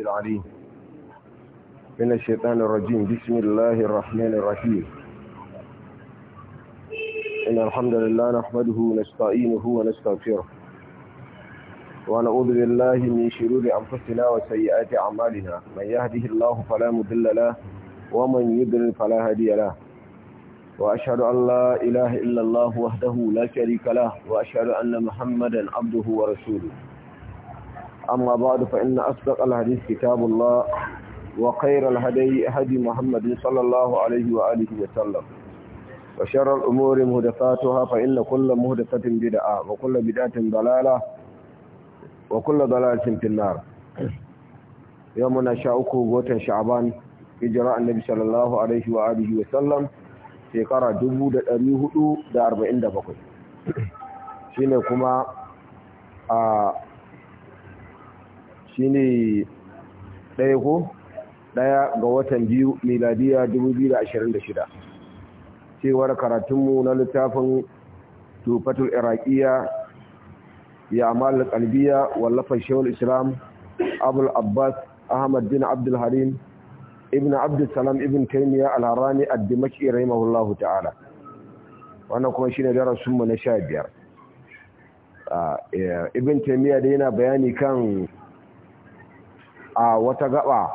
العليم من الشيطان الرجيم بسم الله الرحمن الرحيم إن الحمد لله نحمده ونستعينه ونستغفره ونعوذ بالله من شرور أنفسنا وسيئات أعمالنا من يهده الله فلا مضل له ومن يضلل فلا هادي له وأشهد أن لا إله إلا الله وحده لا شريك له وأشهد أن محمدا عبده ورسوله أما بعد فإن أصدق الحديث كتاب الله وخير الهدي هدي محمد صلى الله عليه وآله وسلم وشر الأمور مهدفاتها فإن كل مهدفة بدعة وكل بدعة ضلالة وكل ضلالة في النار يومنا شاءكو بوتا شعبان إجراء النبي صلى الله عليه وآله وسلم في قرى دبو دا أريه دا أربعين دا بقل شين كما آه shine ɗaya ko ɗaya ga watan biyu miladiya 2026 cewar karatunmu na littafin tufatul iraqiya ya amalin qalbiya wallafa islam abul abbas ahmad bin abdul harim ibn abdul salam ibn taimiyya al-harani ta'ala wannan kuma shine darasin mu na sha biyar. Ah, eh, ibn taimiyya da yana bayani kan a wata gaba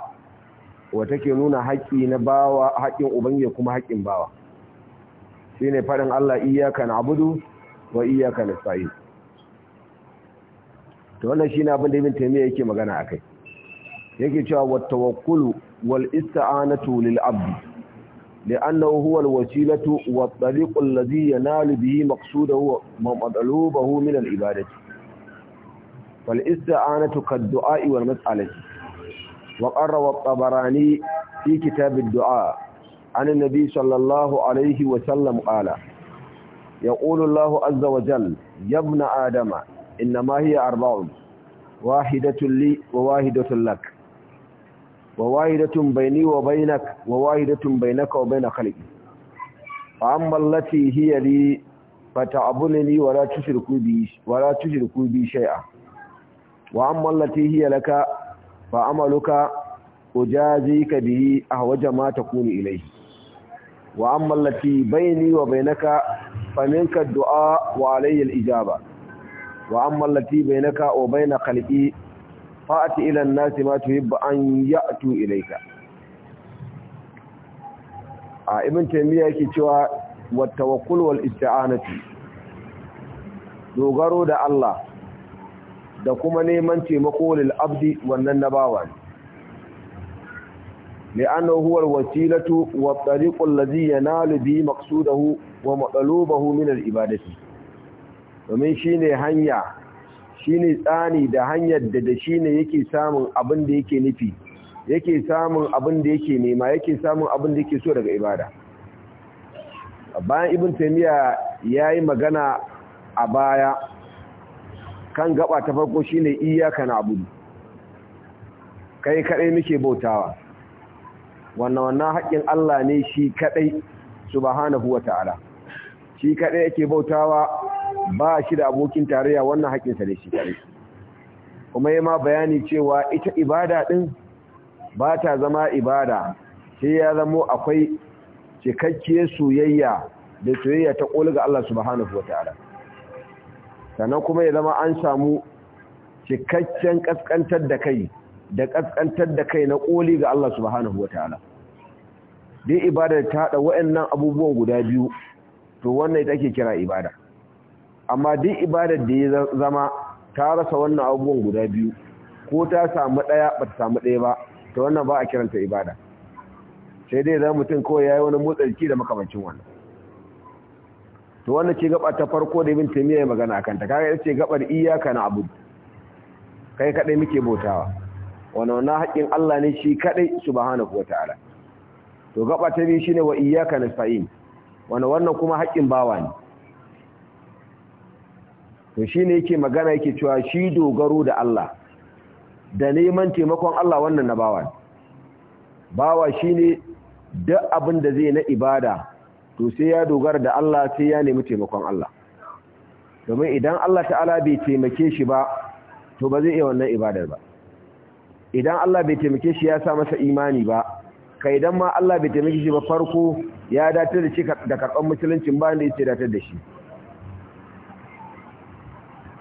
wata ke nuna haƙƙi na bawa haƙƙin ubangiji kuma haƙƙin bawa shine faɗin Allah iyyaka na'budu wa iyyaka nasta'in to wannan shine abin da Ibn Taymiyyah yake magana akai yake cewa wat tawakkulu wal ista'anatu lil abd yanalu bihi maqsuduhu wa الذي min al ibadati wal ista'anatu kad والاستعانة wal mas'alati وقال الطبراني في كتاب الدعاء عن النبي صلى الله عليه وسلم قال يقول الله عز وجل يا ابن آدم إنما هي أربع واحدة لي وواحدة لك وواحدة بيني وبينك وواحدة بينك وبين خلقي فأما التي هي لي فتعبدني ولا تشرك بي ولا تشرك بي شيئا وأما التي هي لك fa amaluka ujazika bihi ahwaja ma takunu ilayhi wa amma allati bayni wa bainaka faminka ad-du'a wa alayya al-ijaba wa amma allati bainaka wa baina khalqi fa'ati ila an-nasi ma tuhibbu an ya'tu ilayka a ibn taymiya yake cewa wa tawakkul wal isti'anatu dogaro da Allah da kuma neman taimako lil abdi wannan na bawa ne لأنه هو الوسيلة والطريق الذي ينال به wa ومطلوبه من العبادة domin shine hanya shine tsani da hanyar da da shine yake samun abin da yake nufi yake samun abin da yake nema yake samun abin da yake so daga ibada bayan ibn taymiya yayi magana a baya kan gaba ta farko shine iyyaka na'budu kai kadai muke bautawa wannan wannan haƙƙin Allah ne shi kadai subhanahu wata'ala shi kadai yake bautawa ba shi da abokin tarayya wannan haƙƙin sa ne shi kadai kuma yema bayani cewa ita ibada din ba ta zama ibada sai ya zama akwai cikakkiyar soyayya da soyayya ta ƙoli ga Allah subhanahu wata'ala sannan kuma ya zama an samu cikakken kaskantar da kai da kaskantar da kai na ƙoli ga Allah subhanahu Ta'ala. dai ibadar ta haɗa wayannan abubuwan guda biyu to wannan ita ake kira ibada amma duk ibadar da ya zama ta rasa wannan abubuwan guda biyu ko ta samu ɗaya ba ta samu ɗaya ba to wannan ba a kiranta ibada sai dai za mutum kawai ya yi wani motsa jiki da makamancin wannan to wannan ce gaba ta farko da ibn taymiya ya magana akan ta kaga yace gabar iyyaka abu kai kadai muke bautawa wannan na haƙin Allah ne shi kadai subhanahu wataala to gaba ta biyu shine wa iyyaka nasta'in wannan wannan kuma haƙin bawa ne to shine yake magana yake cewa shi dogaro da Allah da neman taimakon Allah wannan na bawa bawa shine duk abin da zai na ibada to sai ya dogara da Allah sai ya nemi taimakon Allah domin idan Allah ta'ala bai taimake shi ba to ba zai iya wannan ibadar ba idan Allah bai taimake shi ya sa masa imani ba kai idan ma Allah bai taimake shi ba farko ya datar da shi da karban musuluncin ba da yake datar da shi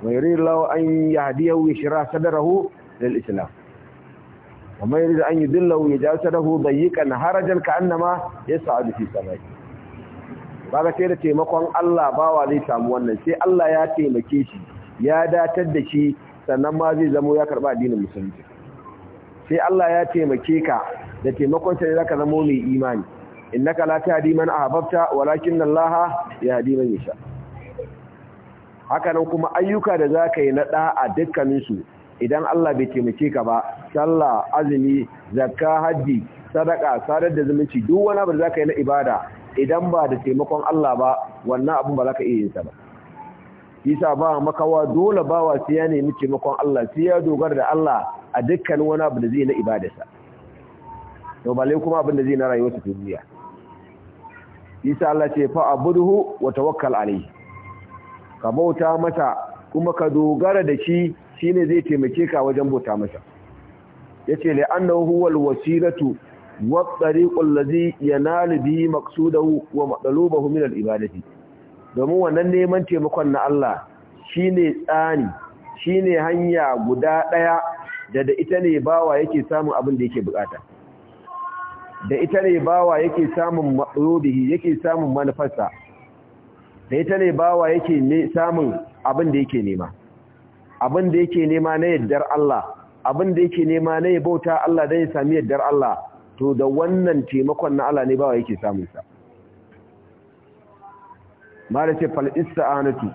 wa yuridullahu an yahdiyahu yashrah sadrahu lil islam وما يريد an yudillahu يجعل سنه ضيقا هرجا كأنما yas'adu fi sama'i Ba ga sai da taimakon Allah bawa zai samu wannan sai Allah ya taimake shi ya datar da shi sannan ma zai zamo ya karba addinin musulunci sai Allah ya taimake ka da taimakon sa zaka zamo mai imani innaka la tahdi man ahbabta walakin Allah yahdi man yasha haka nan kuma ayyuka da zaka yi na da'a dukkanin su idan Allah bai taimake ka ba sallah azumi zakka haji sadaka sadar da zumunci duk wani abu da zaka yi na ibada idan ba da taimakon Allah ba wannan abin ba za ka iya yin sa ba isa ba makawa dole bawa siya ne nemi taimakon Allah sai ya dogara da Allah a dukkan wani abu da zai na ibadarsa to ba lai kuma abin da zai na rayuwarsa ta duniya isa Allah ce fa abuduhu wa tawakkal alayhi ka bauta mata kuma ka dogara da shi shine zai taimake ka wajen bauta masa yace la annahu huwal wasilatu والطريق الذي ينال به مقصوده ومطلوبه من ibadati. domin wannan neman taimakon na Allah shi ne tsani shi ne hanya guda ɗaya da da ita ne bawa yake samun abin da yake bukata da ita ne bawa yake samun maqlubihi yake samun manufarsa da ita ne bawa yake samun abin da yake nema abin da yake nema na yaddar Allah abin da yake nema na ya bauta Allah dan ya sami yaddar Allah to da wannan taimakon na Allah ne bawa yake samun sa mala ce fal isti'anatu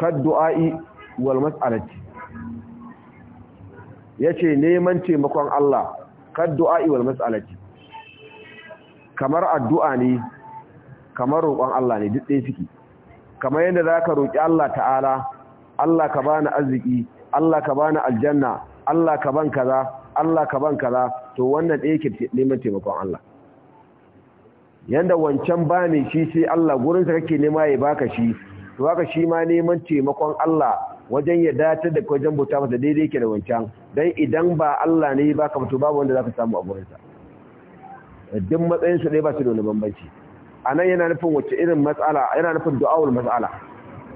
kad du'a'i wal mas'alati yace neman taimakon Allah kad du'a'i wal mas'alati kamar addu'a ne kamar roƙon Allah ne duk dai suke kamar yadda zaka roƙi Allah ta'ala Allah ka bani arziki Allah ka bani aljanna Allah ka ban kaza Allah ka ban kaza to wannan ɗaya ke neman taimakon Allah yanda wancan bani shi sai Allah gurin sa kake nema ya baka shi to haka shi ma neman taimakon Allah wajen ya dace da wajen buta masa daidai yake da wancan dan idan ba Allah ne baka to babu wanda zaka samu a gurin sa duk matsayin su dai ba su da wani bambanci anan yana nufin wacce irin matsala yana nufin du'aul matsala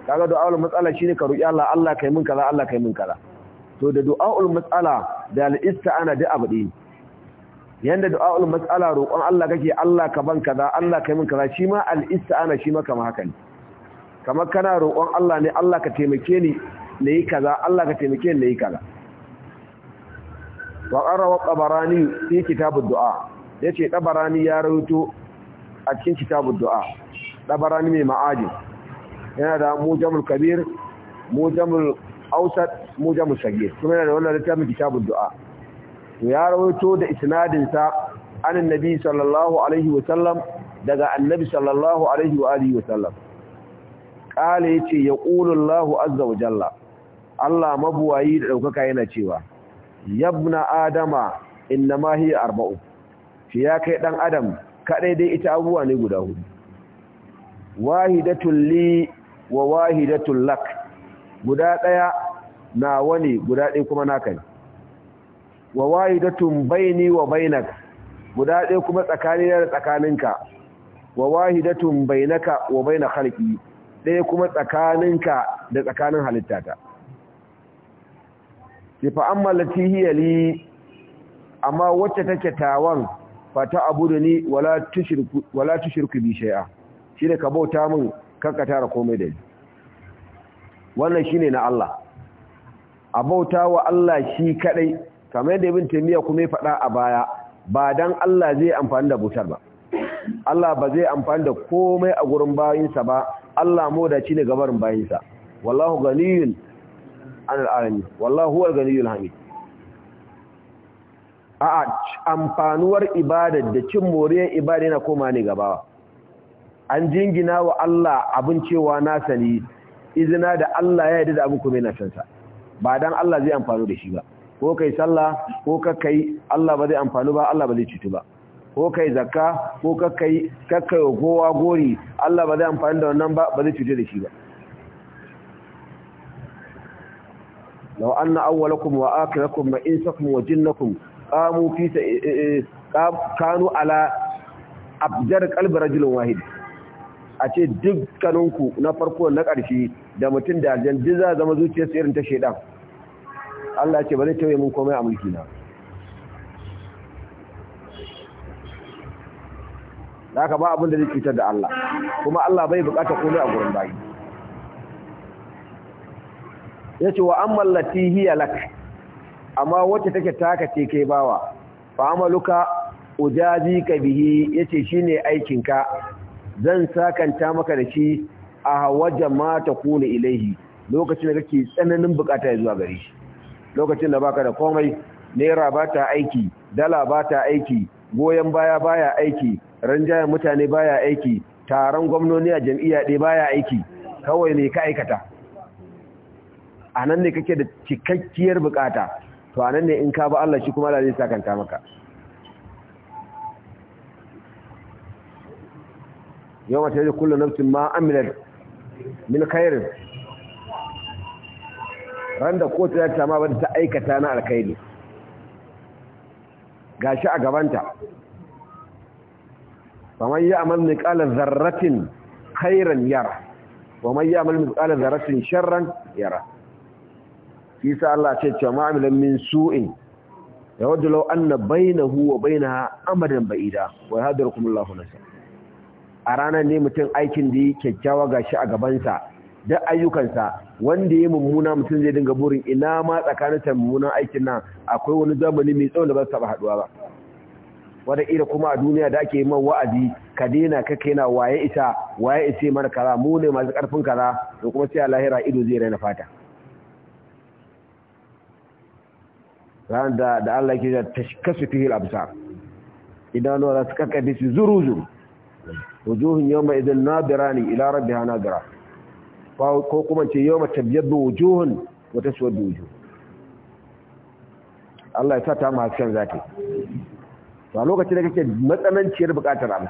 kaga du'aul matsala shine ka roki Allah Allah kai min kaza Allah kai min kaza to da du'a'ul mas'ala da al ana da abu ɗaya yanda du'a'ul mas'ala roƙon Allah kake Allah ka ban kaza Allah ka min kaza shi ma al ana shi ma kamar haka ne kamar kana roƙon Allah ne Allah ka taimake ni na yi kaza Allah ka taimake ni na yi kaza wa qarawa qabarani fi kitabud du'a yace dabarani ya rawaito a cikin kitabud du'a dabarani mai ma'ajin yana da mujamul kabir mujamul ausat Mu mujamu sagir kuma yana da wannan littafin kitabud du'a to ya rawaito da isnadin sa an annabi sallallahu alaihi wa sallam daga annabi sallallahu alaihi wa alihi wa sallam qala yace yaqulu Allahu azza wa jalla Allah mabuwayi da daukaka yana cewa yabna adama innama hi arba'u shi ya kai dan adam kadai dai ita abuwa ne guda hudu wahidatul li wa wahidatul lak guda daya na wani guda ɗaya kuma naka ne wa da tumbaini wa bainak guda ɗaya kuma tsakani da tsakaninka wa da tumbainaka wa baina halki ɗaya kuma tsakaninka da tsakanin halittata sai fa amma lati hiya li amma wacce take tawan fa ta abudu ni wala tushriku wala tushriku bi shay'a shine ka bauta min kanka tara komai da ni wannan shine na Allah a bauta wa Allah shi kadai kamar yadda ibn taimiyya kuma ya faɗa a baya ba dan Allah zai amfani da butar ba Allah ba zai amfani da komai a gurin bayinsa ba Allah modaci ne gabarin bayinsa wallahu ganiyun anil alamin wallahu huwal ganiyul hamid a amfanuwar ibadar da cin moriyar ibada yana koma ne gaba an jingina wa Allah abin cewa na sani izina da Allah ya yarda da abin kuma yana shansa ba dan Allah zai amfano da shi ba ko kai sallah ko kakkai Allah ba zai amfano ba Allah ba zai cutu ba ko kai zakka ko kakkai kakkai kowa gori Allah ba zai amfani da wannan ba ba zai cutu da shi ba law anna awwalakum wa akhirakum wa insakum wa jinnakum qamu fi eh, eh, eh, kanu ala abjar qalbi rajulin wahid a ce dukkaninku na farko na ƙarshe da mutum da aljan jiza zama su irin ta shaidan Allah ce ba zai tauye mun komai a mulki na haka ba abin da zai cutar da Allah kuma Allah bai bukata komai a gurin bayi ce wa ammal lati hiya amma wacce take taka ce kai bawa fa amaluka ujazi ka bihi yace shine aikinka zan sakanta maka da shi a hawaja ma ta kuna ilaihi lokacin da kake tsananin bukata ya zuwa gari shi lokacin da baka da komai naira ba ta aiki dala ba ta aiki goyon baya baya aiki ranjayen mutane baya aiki taron gwamnoni a jam'iyya ɗaya baya aiki kawai ne ka aikata a nan ne kake da cikakkiyar bukata to a nan ne in ka ba Allah shi kuma Allah zai sakanta maka yawma tajid kullu nafsin ma amilat min khairin randa ko ta ta ma bada ta aikata na alkhairi gashi a gabanta faman ya'mal miqala dharratin khairan yara wa man ya'mal miqala dharratin sharran yara isa Allah ce cewa ma'amilan min su'in yawaddu law anna bainahu wa bainaha amadan ba'ida wa yahdharukum Allahu nasa a ranar ne mutum aikin da yi kyakkyawa ga shi a gabansa da ayyukansa wanda ya mummuna mutum zai dinga burin ina ma tsakanin ta mummunan aikin nan akwai wani zamani mai tsawon da ba su taba haduwa ba wata ira kuma a duniya da ake yi man wa'azi ka daina ka kaina waye isa waye ise mana kaza mu ne masu karfin kaza to kuma sai lahira ido zai raina fata ran da da Allah yake ta kasu fihil absar idan wa su kakkabe su zuru zuru wujuhun yawma idin nabirani ila rabbiha nabira ko kuma ce yawma tabyaddu wujuhun wa taswaddu wujuh Allah ya sa ta mahaskan zati to a lokacin da kake matsananciyar bukatar abu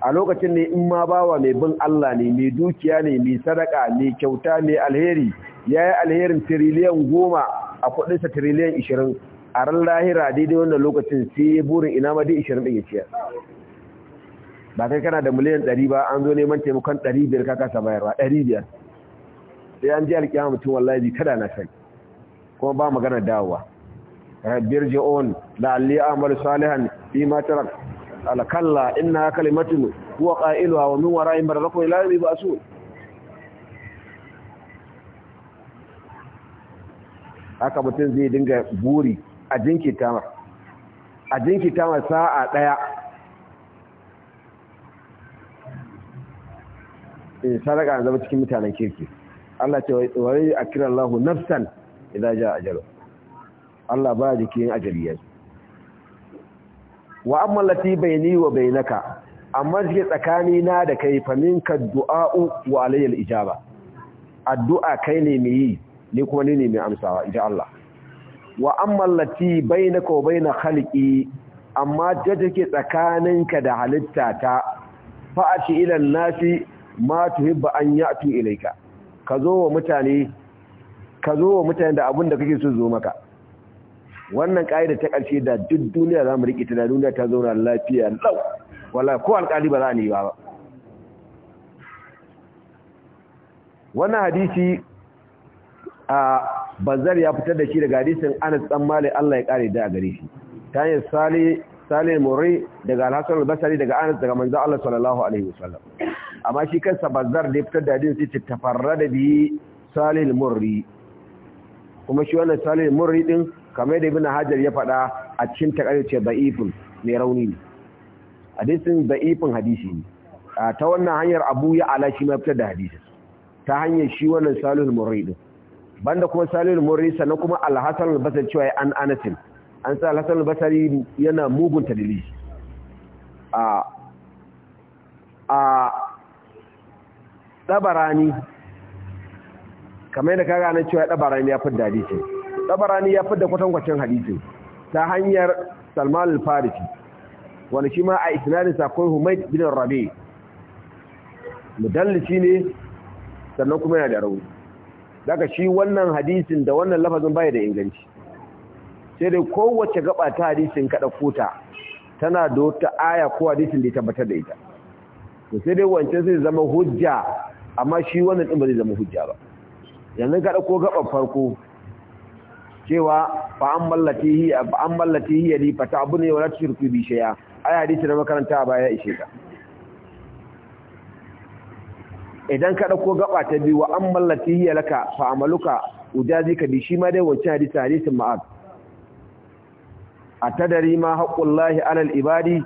a lokacin ne in ma bawa mai bin Allah ne mai dukiya ne mai sadaka mai kyauta mai alheri yayi alherin tiriliyan goma a kudinsa tiriliyan ishirin a ran lahira daidai wannan lokacin sai burin ina ma dai ishirin ɗin ya ciyar ba kai kana da miliyan ɗari ba an zo neman taimakon ɗari biyar ka kasa bayarwa ɗari biyar sai an ji alƙiyama mutum wallahi bi kada na sai. kuma ba magana dawowa rabbir da la'alli a'malu salihan fi ma tarak alkalla inna kalimatun huwa qailuha wa min wara'in barzakhu ila yawmi ba'sun haka mutum zai dinga buri a jinkita a jinkita sa'a daya sadaka eh, na zama cikin mutanen kirki Allah ce wa a kiran Allah nafsan idan ja jaro Allah ba jikin ajali yanzu wa amma lati ni wa bainaka amma shi tsakani na da kai fa ka du'a'u wa alayya ijaba addu'a kai ne mai yi ni kuma ni ne mai amsawa insha Allah wa amma lati bainaka wa na khalqi amma da tsakaninka da halitta ta fa'ashi ilan ila nasi ma tuhibba an ya'tu ilayka ka zo wa mutane ka zo wa mutane da abin da kake so zo maka wannan ƙa'ida ta ƙarshe da duk duniya za mu riƙe ta da duniya ta zauna lafiya lau wala ko alƙali ba za a ne ba wannan hadisi a bazar ya fitar da shi daga hadisin anas dan malik Allah ya kare da gare shi ta yi sali sali murri daga al-hasan al-basri daga anas daga manzo Allah sallallahu alaihi wasallam amma shi kansa bazar da ya fitar da hadisi ce da bi salil murri kuma shi wannan salil murri din kamar da ibn hajar ya faɗa a cikin takarir ce da'ifun mai rauni ne hadisin da'ifun hadisi ne ta wannan hanyar abu ya ala shi ma fitar da hadisi ta hanyar shi wannan salil murri din banda kuma salil murri sannan kuma Alhassan albasar cewa ya cewa an anasin an sa Alhassan hasan yana mugun tadlisi a ɗabarani kamar yadda ka gane cewa ɗabarani ya fidda hadisi ɗabarani ya fidda kwatankwacin hadisi ta hanyar salman al-farisi wani shi ma a isnadinsa akwai humaid bin rabe mudallisi ne sannan kuma yana da rauni daga shi wannan hadisin da wannan lafazin baya da inganci sai dai kowace gaba ta hadisin kada kuta tana da wata aya ko hadisin da ya tabbatar da ita sai dai wancan sai zama hujja amma shi wannan din ba zai zama hujja ba yanzu ka dauko gaban farko cewa fa an mallatihi fa an mallatihi yadi fa ta'buni wa la tushriku bi shay'a ai hadisi na makaranta a baya ishe ka idan ka dauko gaba ta biyu wa an mallatihi laka fa amaluka ka bi shi ma dai wancan hadisi hadisin ma'ad atadari ma haqqullahi 'alal ibadi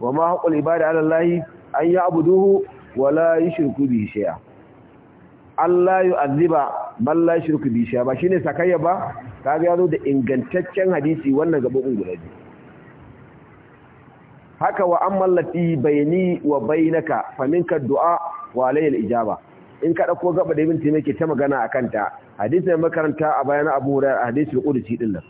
wa ma haqqul ibadi 'ala allahi an ya'buduhu wa la yushriku bi shay'a Allah yu'azziba man la yushriku bi shay'a ba shine sakayya ba kaga zo da ingantaccen hadisi wannan gabobin guda biyu haka wa an mallafi bayani wa bainaka faminka du'a wa alayhi ijaba in ka ɗako gaba da ibn taymiyyah ke ta magana a kanta. ta mai makaranta a bayan abu hurairah hadisul qudsi din nan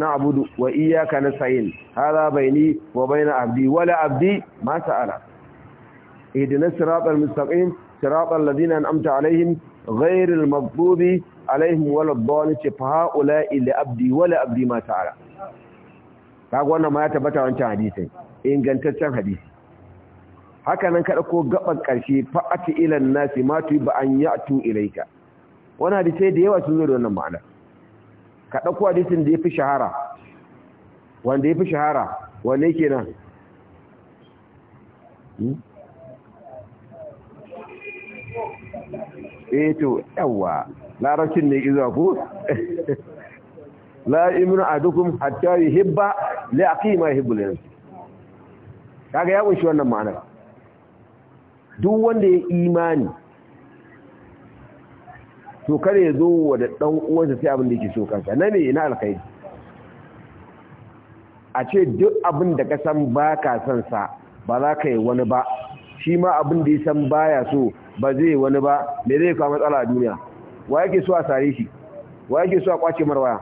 na abu wa na Sayin, hala bayani wa bayna abdi wala abdi ma sa'ala ihdinas siratal mustaqim siratal الذين أنعمت عليهم غير maghdubi عليهم ولا ce fa haula'i li abdi أبدي abdi ma ta'ala kaga wannan ya tabbata wancan hadisin ingantaccen hadisi haka nan ka dauko gaban karshe fa ati ila nasi ma tu ba an ya'tu ilaika wannan hadisi da yawa sun zo wannan ma'ana ka dauko hadisin da yafi shahara wanda yafi shahara wanne kenan eto eh to yawa larakin ne izuwa ku la imru adukum hatta yuhibba li aqima yuhibbul insan kaga ya kunshi wannan ma'ana duk wanda ya imani to kare ya zo wa da dan uwansa sai abin da yake so kansa na me ina alkhairi a ce duk abin da ka san baka san sa ba za ka yi wani ba shi ma abin da ya san baya so ba zai wani ba me zai kawo matsala a duniya wa yake so a sare shi wa yake so a kwace marwaya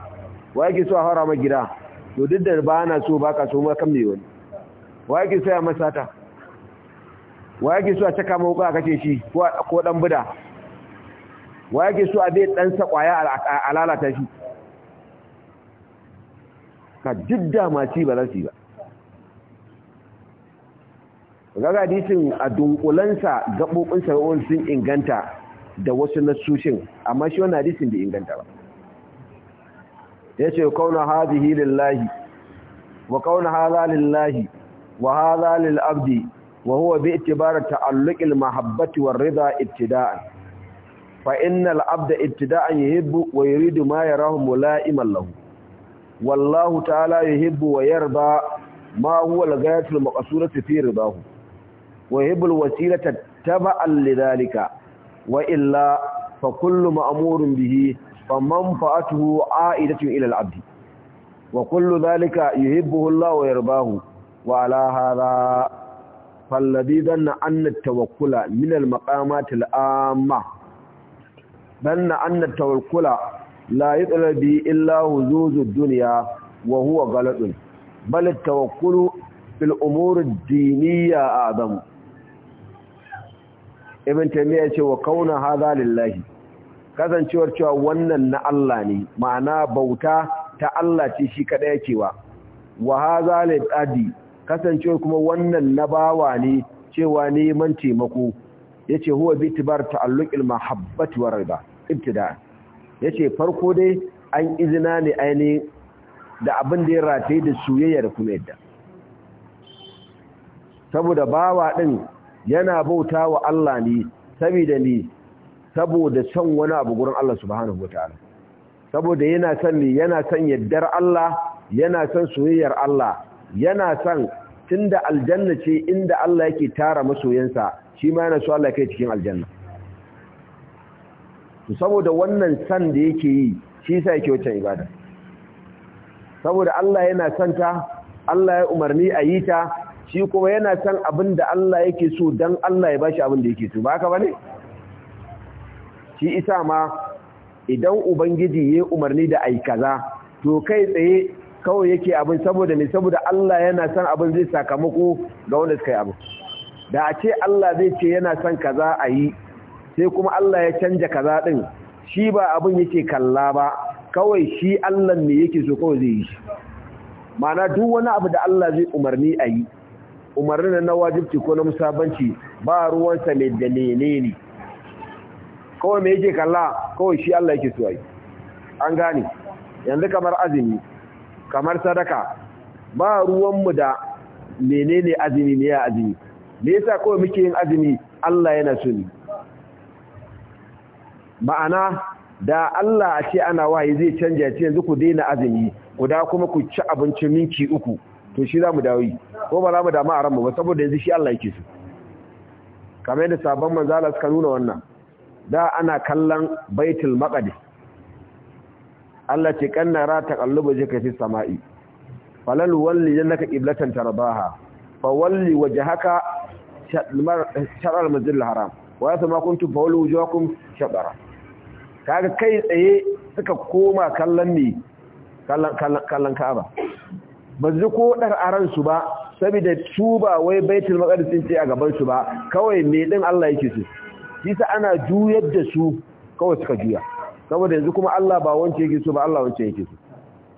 wa yake so a haura ma gida to duk da ba na so ka so ma kan me wani wa yake so ya masata wa yake so a caka ma wuka kace shi ko ko dan buda wa yake so a dai dan sakwaya kwaya a lalata shi ka duk da ma ci ba za su yi ba gaga hadisin a dunkulansa gabobin sarwon sun inganta da wasu sushin, amma shi wannan hadisin bai inganta ba yace kauna lillahi wa kauna hadha lillahi wa hadha lil wa huwa bi itibari ta'alluq mahabbati war ridha ibtida'an fa innal abda ibtida'an yuhibbu wa yuridu ma yarahu mula'iman lahu wallahu ta'ala yuhibbu wa yarda ma huwa al ghayatul maqsurati fi ridahu wa yabul wasilata taba'an lidhalika wa illa fa kullu ma'murun bihi fa manfa'atuhu a'idatun ila al-'abd wa kullu dhalika yuhibbuhu Allah wa yarbahu wa ala hadha falladhi dhanna anna at-tawakkula min al-maqamat al-amma dhanna anna at-tawakkula la yutlabi illa huzuzud dunya wa huwa ghalatun bal at-tawakkulu fil umuri diniyya a'zamu ibn taymiya ce wa kauna hadha lillahi kasancewar cewa wannan na Allah ne ma'ana bauta ta Allah ce shi kada yake wa wa hadha lil kasancewar kuma wannan na bawa ne cewa ne man taimako yace huwa bi tibar ta'alluqil mahabbati war rida ibtida yace farko dai an izina ne aini da abin da ya rataye da soyayya da kuma yadda saboda bawa din yana bauta wa Allah ne saboda ne saboda son wani abu gurin Allah subhanahu wataala saboda yana son ne yana son yaddar Allah yana son soyayyar Allah yana son tunda aljanna ce inda Allah yake tara masoyansa shi ma yana so Allah kai cikin aljanna to saboda wannan san da yake yi shi yasa yake wata ibada saboda Allah yana santa Allah ya umarni a yi ta shi kuma yana san abin da Allah yake so don Allah ya bashi abin da yake so ba ka ba ne? shi isa ma idan ubangiji ya umarni da ayi kaza to kai tsaye kawai yake abin saboda ne saboda Allah yana san abin zai sakamako ga wanda suka yi abin da a ce Allah zai ce yana son kaza a yi sai kuma Allah ya canja kaza din shi ba abin yake kalla ba kawai shi Allah ne yake so kawai zai yi shi mana duk wani abu da Allah zai umarni a yi umarnin na wajibci ko na musabanci ba ruwansa mai dalile ne kawai mai yake kalla kawai shi Allah yake suwayi an gane yanzu kamar azumi kamar sadaka ba ruwanmu da menene azumi ne ya azumi me yasa kawai muke yin azumi Allah yana so ne ma'ana da Allah a ce ana wahayi zai canja ce yanzu ku daina azumi guda kuma ku ci abincin minki uku to shi za mu dawo yi ko ba za mu damu a ranmu ba saboda yanzu shi Allah yake su kamar yadda sabon manzala suka nuna wannan da ana kallon baitul maqdis Allah ce kanna ra ta kallubu je fi sama'i falal walli jannaka qiblatan tarbaha fa walli wajhaka sharar masjidil haram wa ya sama kuntum fa wallu wujuhakum shabara kaga kai tsaye suka koma kallon ni kallon kallon Ka'aba ba su ko dar a ransu ba saboda su ba wai baitul maqdis ce a gaban su ba kawai me din Allah yake su Kisa ana juyar da su kawai suka juya saboda yanzu kuma Allah ba wance yake so ba Allah wance yake so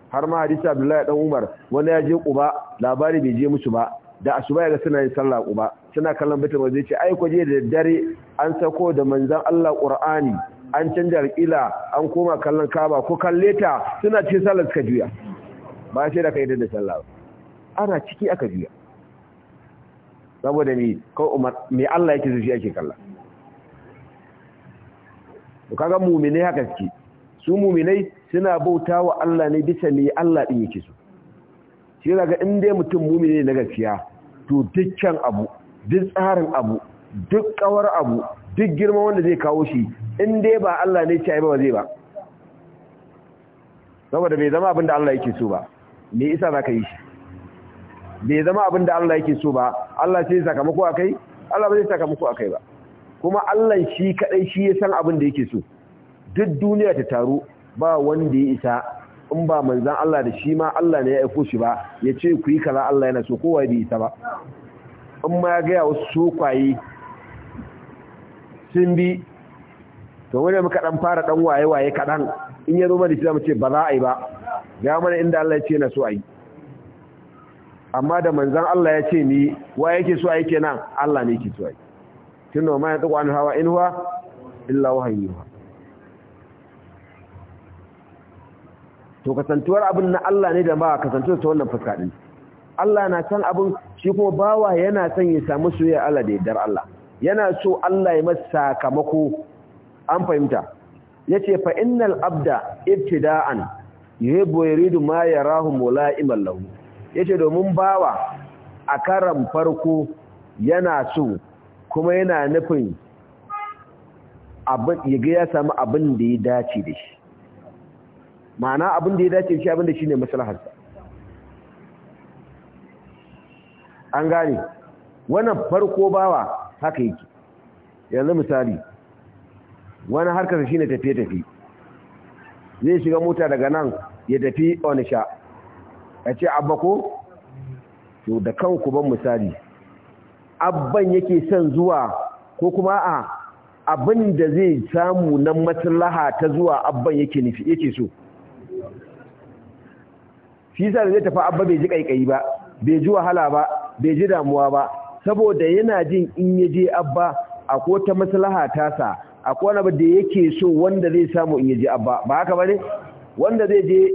har ma hadisi Abdullahi dan Umar wani ya je Quba labari bai je musu ba da asuba ya ga suna yin sallah Quba suna kallon baitul maqdis ce ai kuje da dare an sako da manzon Allah Qur'ani an canja alƙila an koma kallon kaba ko kalleta suna ce sallah suka juya ba sai da ka yi da sallah ana ciki aka jiya saboda ni ko umar me Allah yake zuci yake kalla to kaga mu'mini haka suke su mu'minai suna bautawa Allah ne bisa ne Allah din yake so shi daga in dai mutum mu'mini na gaskiya to dukkan abu duk tsarin abu duk kawar abu duk girma wanda zai kawo shi in dai ba Allah ne ci ai ba zai ba saboda bai zama abin da Allah yake so ba me isa za ka yi shi bai zama abin da Allah yake so ba Allah sai sakamako a kai Allah ba zai sakamako a kai ba kuma Allah shi kaɗai shi ya san abin da yake so duk duniya ta taru ba wanda ya isa in ba manzan Allah da shi ma Allah ne ya aiko shi ba ya ce ku yi kaza Allah yana so kowa bai isa ba in ma ya gaya wasu sokwaye sun bi to wani muka dan fara dan waye-waye kaɗan in ya zo mana shi za mu ce ba za a yi ba ya mana inda Allah ya ce na so a yi amma da manzan Allah ya ce ni wa yake so a yi kenan Allah ne yake so a yi tun da ma ya tsaƙo an hawa in huwa illa wahayyuha to kasantuwar abin na Allah ne da ba kasantuwar ta wannan fuska din Allah na san abin shi kuma bawa yana son ya samu soyayya Allah da yaddar Allah yana so Allah ya masa sakamako an fahimta yace fa innal abda ibtida'an yuhibbu yuridu ma yarahu mula'iman lahu yace domin bawa a karan farko yana so kuma yana nufin abin yaga ya samu abin da ya dace da shi ma'ana abin da ya dace da shi abin da shine sa an gane wannan farko bawa haka yake yanzu misali wani harkar shine tafiye-tafiye zai shiga mota daga nan ya tafi onisha ya ce abba ko to da kanku ban misali abban yake son zuwa ko kuma a abin da zai samu na maslaha ta zuwa abban yake nufi yake so shi sa da zai tafi abba bai ji kaikayi ba bai ji wahala ba bai ji damuwa ba saboda yana jin in ya je abba akwai ta maslaha tasa akwai wani da yake so wanda zai samu in yaji abba ba haka bane wanda zai je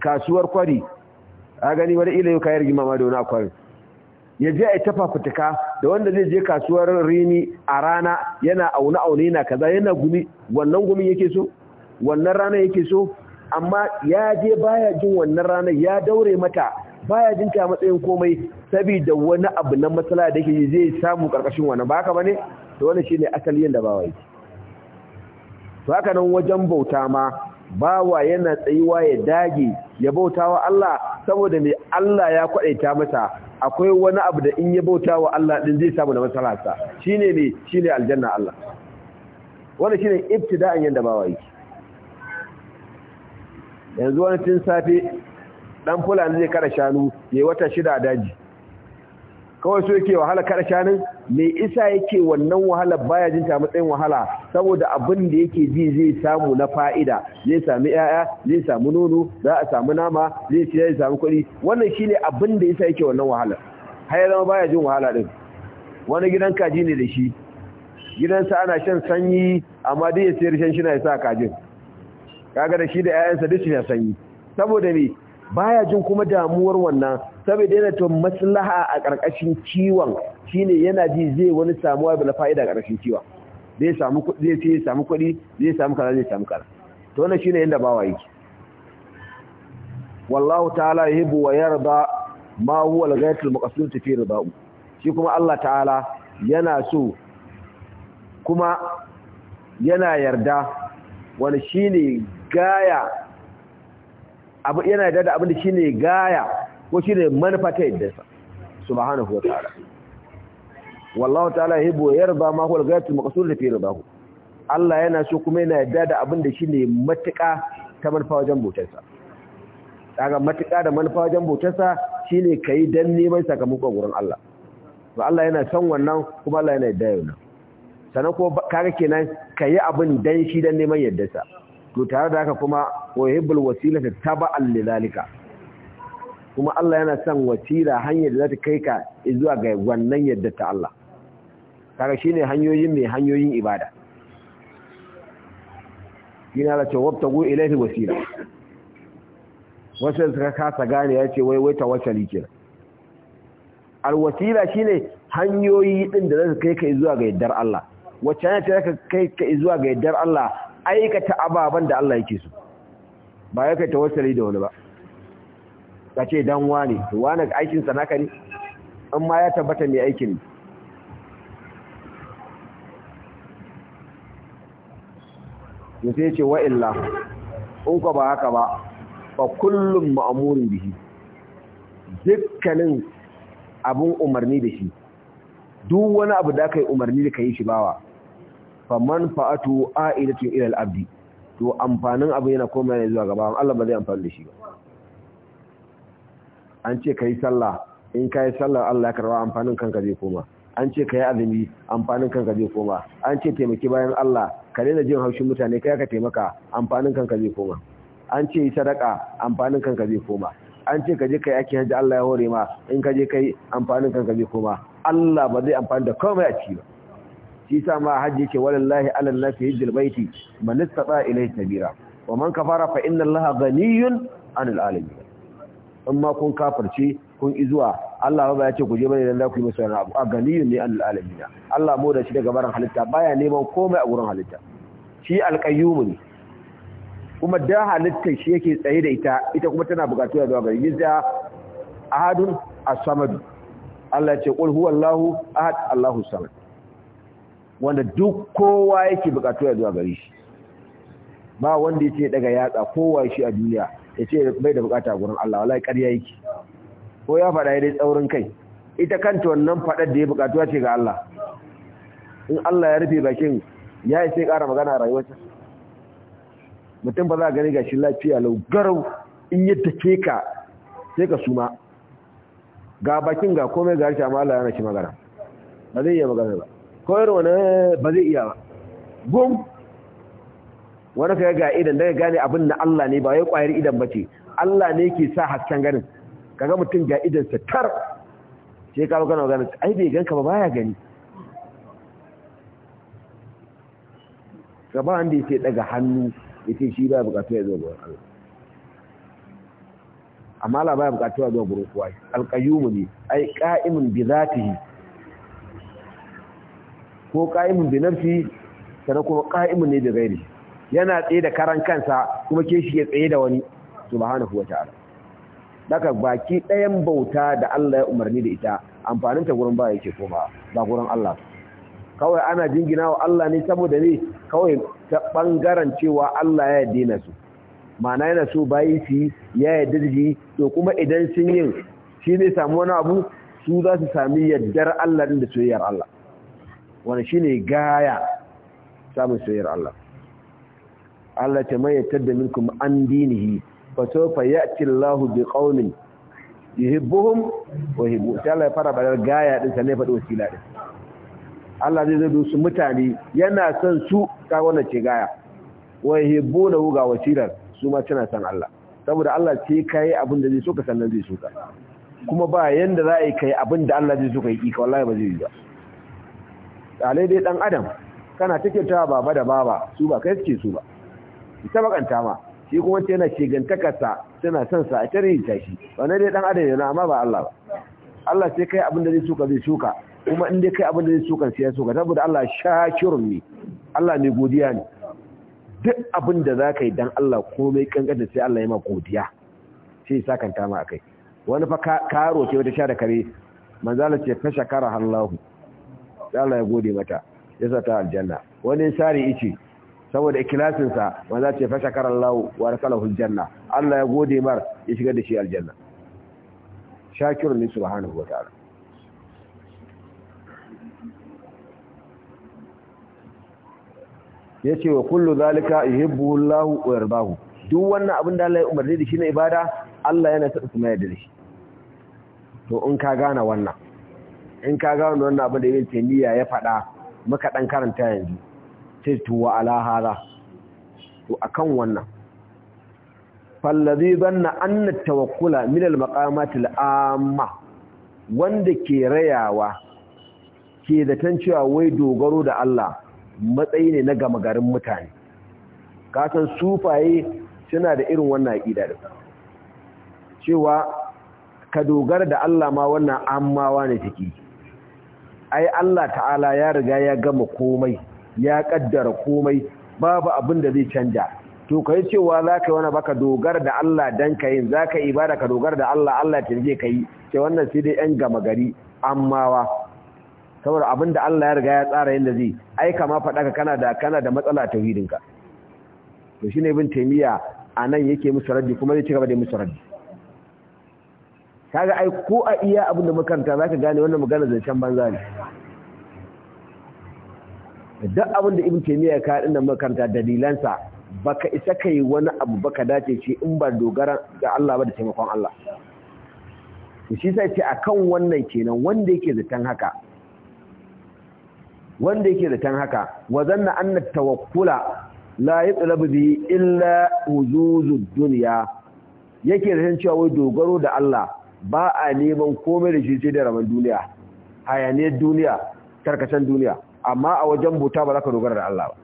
kasuwar kwari a gani wani ila yau kayar ma da wani akwari ya je a tafa fituka da wanda zai je kasuwar rini a rana yana auna aune yana kaza yana gumi wannan gumin yake so wannan ranar yake so amma ya je baya jin wannan ranar ya daure mata baya jin ta matsayin komai saboda wani abu na matsala da yake zai samu karkashin wannan ba haka bane to wannan shine asali yanda ba wai to haka nan wajen bauta ma bawa yana tsayuwa ya dage ya bauta wa Allah saboda mai Allah ya kwadaita masa akwai wani abu da in ya bauta wa Allah ɗin zai samu da masalarsa Shi ne ne aljanna Allah wannan shine ibtida'an yanda bawa yake yanzu wani tun safe ɗan fulani zai kara shanu ya yi wata shida a daji kawai so yake wahala kada shanun? me isa yake wannan wahala baya jin ta matsayin wahala saboda abin da yake ji zai samu na fa'ida zai sami yaya zai samu nono za a samu nama zai ci zai samu kuɗi wannan shine abin da isa yake wannan wahala har ya zama baya jin wahala din wani gidan kaji ne da shi gidansa ana shan sanyi amma dai ya sayar shan shina ya sa kajin kaga da shi da 'ya'yansa duk suna sanyi saboda me baya jin kuma damuwar wannan saboda yana to maslaha a ƙarƙashin kiwon shine yana ji zai wani samuwa bala fa'ida a ƙarƙashin kiwon zai samu zai ce samu kuɗi zai samu kaza zai samu kaza to wannan shine yanda bawa yake wallahu ta'ala yuhibbu wa yarda ma huwa al-ghayatul maqsud fi rida'u shi kuma Allah ta'ala yana so kuma yana yarda wani shine gaya abu yana yarda da abin da shine gaya ko shi ne manufa ta ma hana wa tara wallahu ta'ala 'yar ba ma huwa al da fere ba ku Allah yana so kuma yana yadda da abin da ne matuƙa ta manufa wajen bautarsa Daga matuƙa da manufa wajen bautarsa shine yi dan neman sakamakon wurin Allah to Allah yana son wannan kuma Allah yana yau yana sanan ko kaga kenan yi abin dan shi dan neman yardarsa to tare da haka kuma wahibul wasilata taba'an lidhalika kuma Allah yana son wasila hanyar da za ta kai ka zuwa ga wannan yadda ta Allah kaga shine hanyoyin mai hanyoyin ibada yana da cewa wabtagu ilaihi wasila wasu suka kasa gane ya ce wai wai ta al kenan shi shine hanyoyi din da za su kai ka zuwa ga yaddar Allah wacce ne ta kai ka zuwa ga yaddar Allah aikata ababan da Allah yake so ba ya kai tawassali da wani ba ka ce dan wane wane sa naka ne in ma ya tabbata mai aikin ne sai ce illa, in ko ba haka ba fa kullum ma'amurin bihi dukkanin abun umarni da shi duk wani abu da kai umarni da kai shi bawa fa manfa'atu a'idatun ila al-abdi to amfanin abu yana komai ne zuwa gaba Allah ba zai amfani da shi ba an ce ka yi sallah in ka yi sallah Allah ya karba amfanin kanka zai koma an ce ka yi azumi amfanin kanka zai koma an ce taimaki bayan Allah ka daina jin haushin mutane kai ka taimaka amfanin kanka zai koma an ce yi sadaka amfanin kanka zai koma an ce ka je kai aiki hajji Allah ya hore ma in ka je kai amfanin kanka zai koma Allah ba zai amfani da komai a ciki ba shi sa ma hajji yake walallahi alal nafi hijjil baiti man istata ilayhi sabira wa man kafara fa inna Allah ghaniyun anil alamin in ma kun kafirce kun izuwa Allah ba ya ce ku je bane dan ku yi masa abu a ganiyun ne al alamina Allah mu da shi daga barin halitta baya neman komai a gurin halitta shi alqayyum ne kuma da halitta shi yake tsaye da ita ita kuma tana bukatu da zuwa gari. shi ahadun as-samad Allah ya ce qul huwallahu ahad Allahu samad wanda duk kowa yake bukatu da zuwa gare shi ba wanda yake daga yatsa kowa shi a duniya ya ce bai da bukata a gurin Allah wallahi ƙarya yake ko ya faɗa ya dai tsaurin kai ita kanta wannan faɗar da ya bukatu ce ga Allah in Allah ya rufe bakin ya yi sai ƙara magana a rayuwarsa mutum ba za a gani ga shi lafiya lau garau in yi ke ka sai ka suma ga bakin ga komai ga harshe amma Allah yana shi magana ba zai iya magana ba ko irin ne ba zai iya ba wani ka ga idan daga gane abin na Allah ne ba ya kwayar idan ba ce Allah ne ke sa hasken ganin kaga mutum ga idan sa tar sai ka gano gano ai bai ganka ba baya gani gaba wanda yake daga hannu yace shi ba bukatu ya zo gurin Allah amma Allah ba bukatu ya zo gurin kowa alqayyum ne ai qa'imun bi zatihi ko qa'imun bi nafsi sai kuma qa'imun ne bi gairi yana tsaye da karan kansa kuma ke shi ya tsaye da wani subhanahu wata'ala daga baki ɗayan bauta da Allah ya umarni da ita amfanin ta gurin ba yake koma ba gurin Allah kawai ana jingina wa Allah ne saboda ne kawai ta bangaren cewa Allah ya yarda su Mana yana so bayi su ya yarda da to kuma idan sun yin shi ne samu wani abu su za su sami yardar Allah din da soyayyar Allah wani shine gaya samun soyayyar Allah Allah ta mai yattada minkum an dinihi fa sawfa ya'ti Allahu bi qaumin yuhibbuhum wa yuhibbu sai Allah ya fara bayar gaya din sai ya faɗi wasila din Allah zai zo su mutane yana son su ka wannan ce gaya wa yuhibbuna ga wasilar su ma tana son Allah saboda Allah ce kai abin da zai so ka sannan zai so ka kuma ba yanda za a yi kai abin da Allah zai so ka yi ka wallahi ba zai yi ba alai dai dan adam kana take ta baba da baba su ba kai suke su ba ita bakanta ma shi kuma ce yana shigantakarsa suna son sa a tarihin tashi wannan dai dan adam yana amma ba Allah ba Allah sai kai abin da zai shuka zai shuka kuma in dai kai abin da zai shuka sai ya shuka saboda Allah shakirun ne Allah mai godiya ne duk abin da za ka yi dan Allah komai kankanta sai Allah ya ma godiya sai sa kanta ma akai wani fa karo ce wata sha da kare manzala ce fa shakara Allah Allah ya gode mata ya sa ta aljanna wani sari ice saboda ikilasinsa wanda ce fashe karar Allah wa rakalahu janna. Allah ya gode mar ya shiga da shi aljanna shakirun ni wata ala Ya ce wa kullu zalika yuhibbu Allah wa yarbahu. duk wannan abin da Allah ya umarni da shi na ibada Allah yana sa kuma mayar da shi to in ka gane wannan in ka gane wannan abin da Ibn Taymiyyah ya faɗa maka dan karanta yanzu sai tuwa alahara to akan wannan fallazi banna anna tawakkula min al amma wanda ke rayawa ke zaton cewa wai dogaro da Allah matsayi ne na gama garin mutane kasan sufaye suna da irin wannan aqida da cewa ka dogara da Allah ma wannan ammawa ne take ai Allah ta'ala ya riga ya gama komai ya kaddara komai babu abin da zai canja to kai cewa zaka wani baka dogara da Allah dan kai zaka ibada ka dogara da Allah Allah tirje kai ce wannan sai dai yan gama gari ammawa saboda abin da Allah ya riga ya tsara yanda zai ai kama faɗa ka kana da kana da matsala tauhidin ka to shine ibn taymiya anan yake musu raddi kuma zai ci gaba da musu raddi kaga ai ko a iya abin da makaranta zaka gane wannan magana can banza ne duk abin da ibn taymiya ka dinda makaranta dalilansa baka isa kai wani abu baka dace shi in ba dogara ga Allah ba da taimakon Allah shi sai ce akan wannan kenan wanda yake zaton haka wanda yake zaton haka wa zanna anna tawakkula la yatlabu bi illa huzuzud dunya yake zaton cewa wai dogaro da Allah ba a neman komai da shi sai da rabon duniya hayaniyar duniya tarkacen duniya amma a wajen buta ba za ka dogara da Allah ba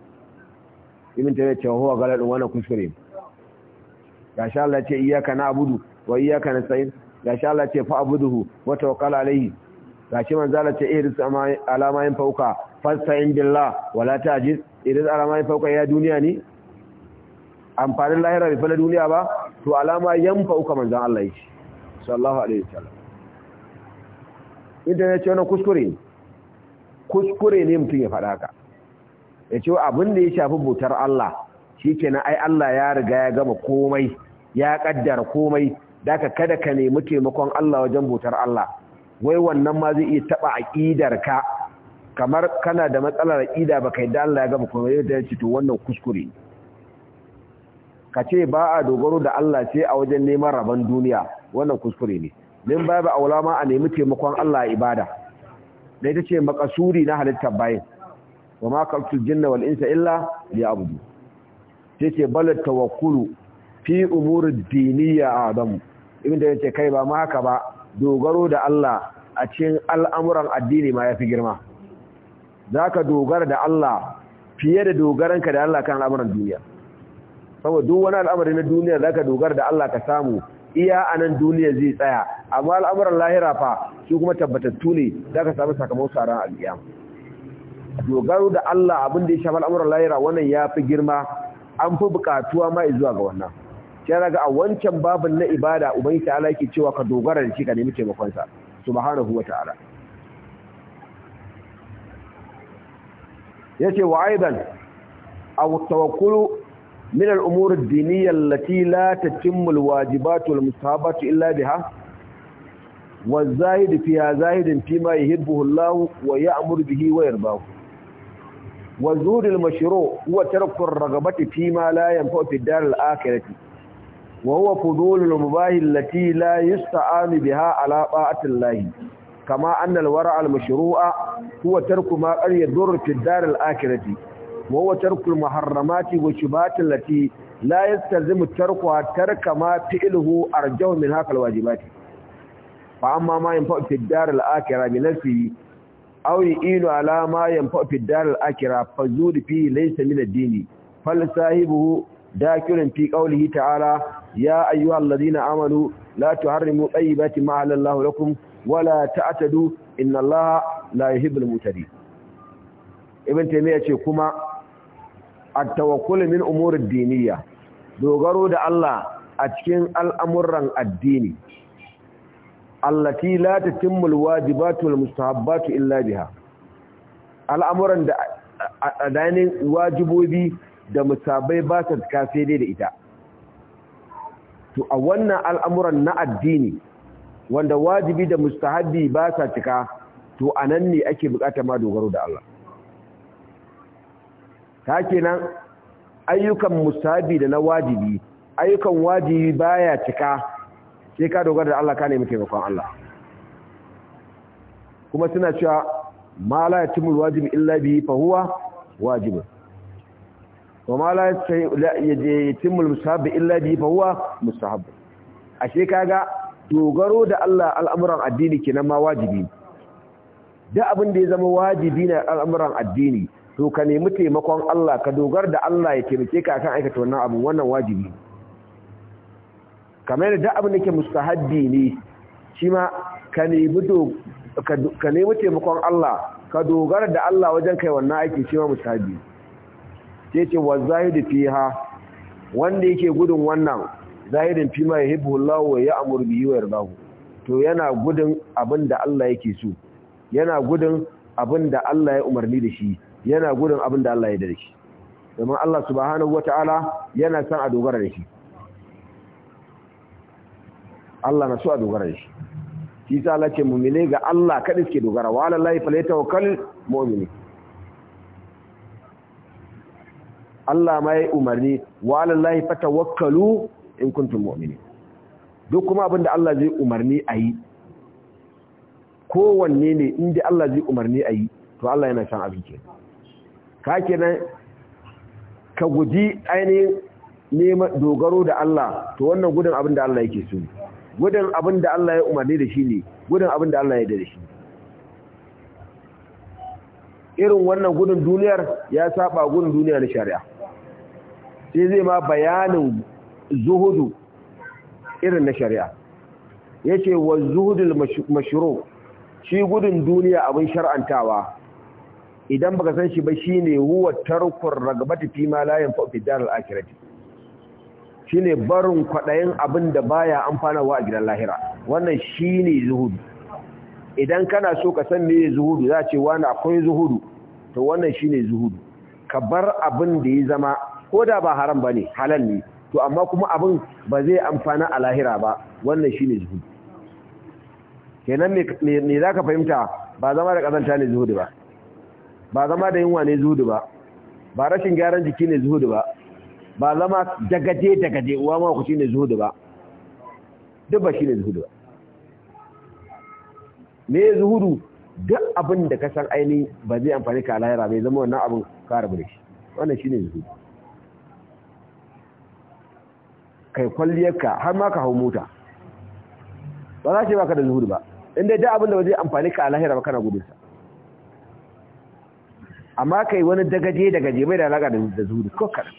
ta taymiya cewa huwa ɗin wani kuskure ga sha Allah ce na abudu wa na tsayin. ga sha Allah ce fa'buduhu wa tawakkal alayhi ga shi man zala ce iris alama yin fauka fasta'in billah wala ta'jiz iris alama yin fauka ya duniya ne amfanin lahira bai fara duniya ba to alama yan fauka zan Allah yake sallallahu alaihi wasallam idan ya ce wannan kuskure ne kuskure ne mutum ya faɗa ka ya ce abin da ya shafi butar Allah shi ke ai Allah ya riga ya gama komai ya ƙaddara komai daka kada ka nemi taimakon Allah wajen butar Allah wai wannan ma zai iya taɓa aqidar ka kamar kana da matsalar aqida baka yadda Allah ya gama komai da yace to wannan kuskure ka ce ba a dogaro da Allah sai a wajen neman rabon duniya wannan kuskure ne min babu ma a nemi taimakon Allah a ibada da ita ce makasuri na halittar bayan wa ma kaltu jinna wal insa illa li abudu Ta ce bal tawakkulu fi umurid diniya adamu Ibin da yace kai ba ma haka ba dogaro da Allah a cikin al'amuran addini ma yafi girma zaka dogara da Allah fiye da dogaranka da Allah kan al'amuran duniya saboda duk wani al'amari na duniya zaka dogara da Allah ka samu iya a nan duniya zai tsaya amma al'amuran lahira fa su kuma tabbatattu ne za ka samu sakamakon tsaron al'iyam dogaro da Allah abin da ya shafi al'amuran lahira wannan ya fi girma an fi buƙatuwa ma zuwa ga wannan sai raga a wancan babin na ibada ubangiji ta'ala yake cewa ka dogara da shi ka nemi taimakon sa subhanahu wa ta'ala yace wa aidan aw tawakkulu min al'umur diniyar lati la ta cimmul wajibatu al-musahabatu illa biha wa zahidi fiya zahidin fi ma yuhibbuhu Allah wa ya'muru bihi wa yarbahu wa zurul mashru' huwa tarku ar-ragabati fi ma la yanfa'u fi ad-dar al-akhirati wa huwa fudulul mubah allati la yusta'anu biha ala kama anna al-wara' al-mashru'a huwa ma qad yadur fi ad-dar al-akhirati wa huwa tarkul muharramati wa shubati lati la yastazimu tarkuha tarka ma fi'luhu arjahu min hakal wajibati fa amma ma yanfa'u fi dar al-akhirah bi nafsihi aw yi'ilu ala ma yanfa'u fi dar akhirah fa zud fi laysa min ad-din fal sahibuhu dakirun fi qawlihi ta'ala ya ayyuhalladhina amanu la tuharrimu tayyibati ma halallahu lakum wa la ta'tadu inna allaha la yuhibbul mutadin ibn taymiya ce kuma at-tawakkul min umur ad dogaro da Allah a cikin al'amuran addini allati la tatimmu al-wajibatu wal-mustahabbatu illa biha al'amuran da adanin wajibobi da musabai ba su kafe dai da ita to a wannan al'amuran na addini wanda wajibi da mustahabbi ba sa cika to anan ne ake bukata ma dogaro da Allah ta kenan ayyukan musabi da na wajibi ayyukan wajibi baya cika sai ka dogara da Allah ka nemi taimakon Allah kuma suna cewa ma la yatimul wajibi illa bihi fa huwa wajibun wa ma la yatimul musabi illa bihi fa huwa mustahab ashe kaga dogaro da Allah al'amuran addini kenan ma wajibi da abin da ya zama wajibi na al'amuran addini to ka nemi taimakon Allah ka dogar da Allah ya taimake ka kan aikata wannan abu wannan wajibi kamar yadda abin da ke mustahabbi ne shi ma ka nemi taimakon Allah ka dogara da Allah wajen kai wannan aiki shi ma mustahabbi sai ce wa zahidu fiha wanda yake gudun wannan zahidin fi ma yuhibbu Allah wa ya'muru bihi wa yardahu to yana gudun abin da Allah yake so yana gudun abin da Allah ya umarni da shi yana gudun abin da Allah ya da shi domin Allah subhanahu wata'ala yana san a dogara da shi Allah na so a dogara da shi shi sa Allah ce mu'mine ga Allah kada suke dogara wa alallahi falyatawakkal mu'mini Allah ma ya umarni wa alallahi wakalu in kuntum mu'mini duk kuma abin da Allah zai umarni a yi kowanne ne inda Allah zai umarni a yi to Allah yana san abin kenan ka nan ka guji ainihin neman dogaro da Allah to wannan gudun abin da Allah yake so gudun abin da Allah ya umarni da shi ne gudun abin da Allah ya da shi irin wannan gudun duniyar ya saba gudun duniya na shari'a sai zai ma bayanin zuhudu irin na shari'a yake wa zuhudul mashru shi gudun duniya abin shar'antawa idan baka san shi ba shine huwa tarkur ragabati fi ma la yanfa fi daril akhirati shine barin kwadayin abin da baya wa a gidan lahira wannan shine zuhudu idan kana so ka san meye zuhudu za ce wani akwai zuhudu to wannan shine zuhudu ka bar abin da ya zama ko da ba haram bane halal ne to amma kuma abin ba zai amfana a lahira ba wannan shine zuhudu kenan me me zaka fahimta ba zama da kazanta ne zuhudu ba ba zama da yunwa ne zuhudu ba ba rashin gyaran jiki ne zuhudu ba ba zama dagaje dagaje uwa ma ku shine zuhudu ba duk ba shine zuhudu ba me zuhudu duk abin da ka san aini ba zai amfani ka lahira bai zama wannan abin ka rabu da shi wannan shine zuhudu kai kwalliyarka har ma ka hau mota ba za ce ka da zuhudu ba inda duk abin da ba zai amfani ka lahira ba kana gudunsa amma yi wani dagaje dagaje bai da alaƙa da zuhudu ko kaɗan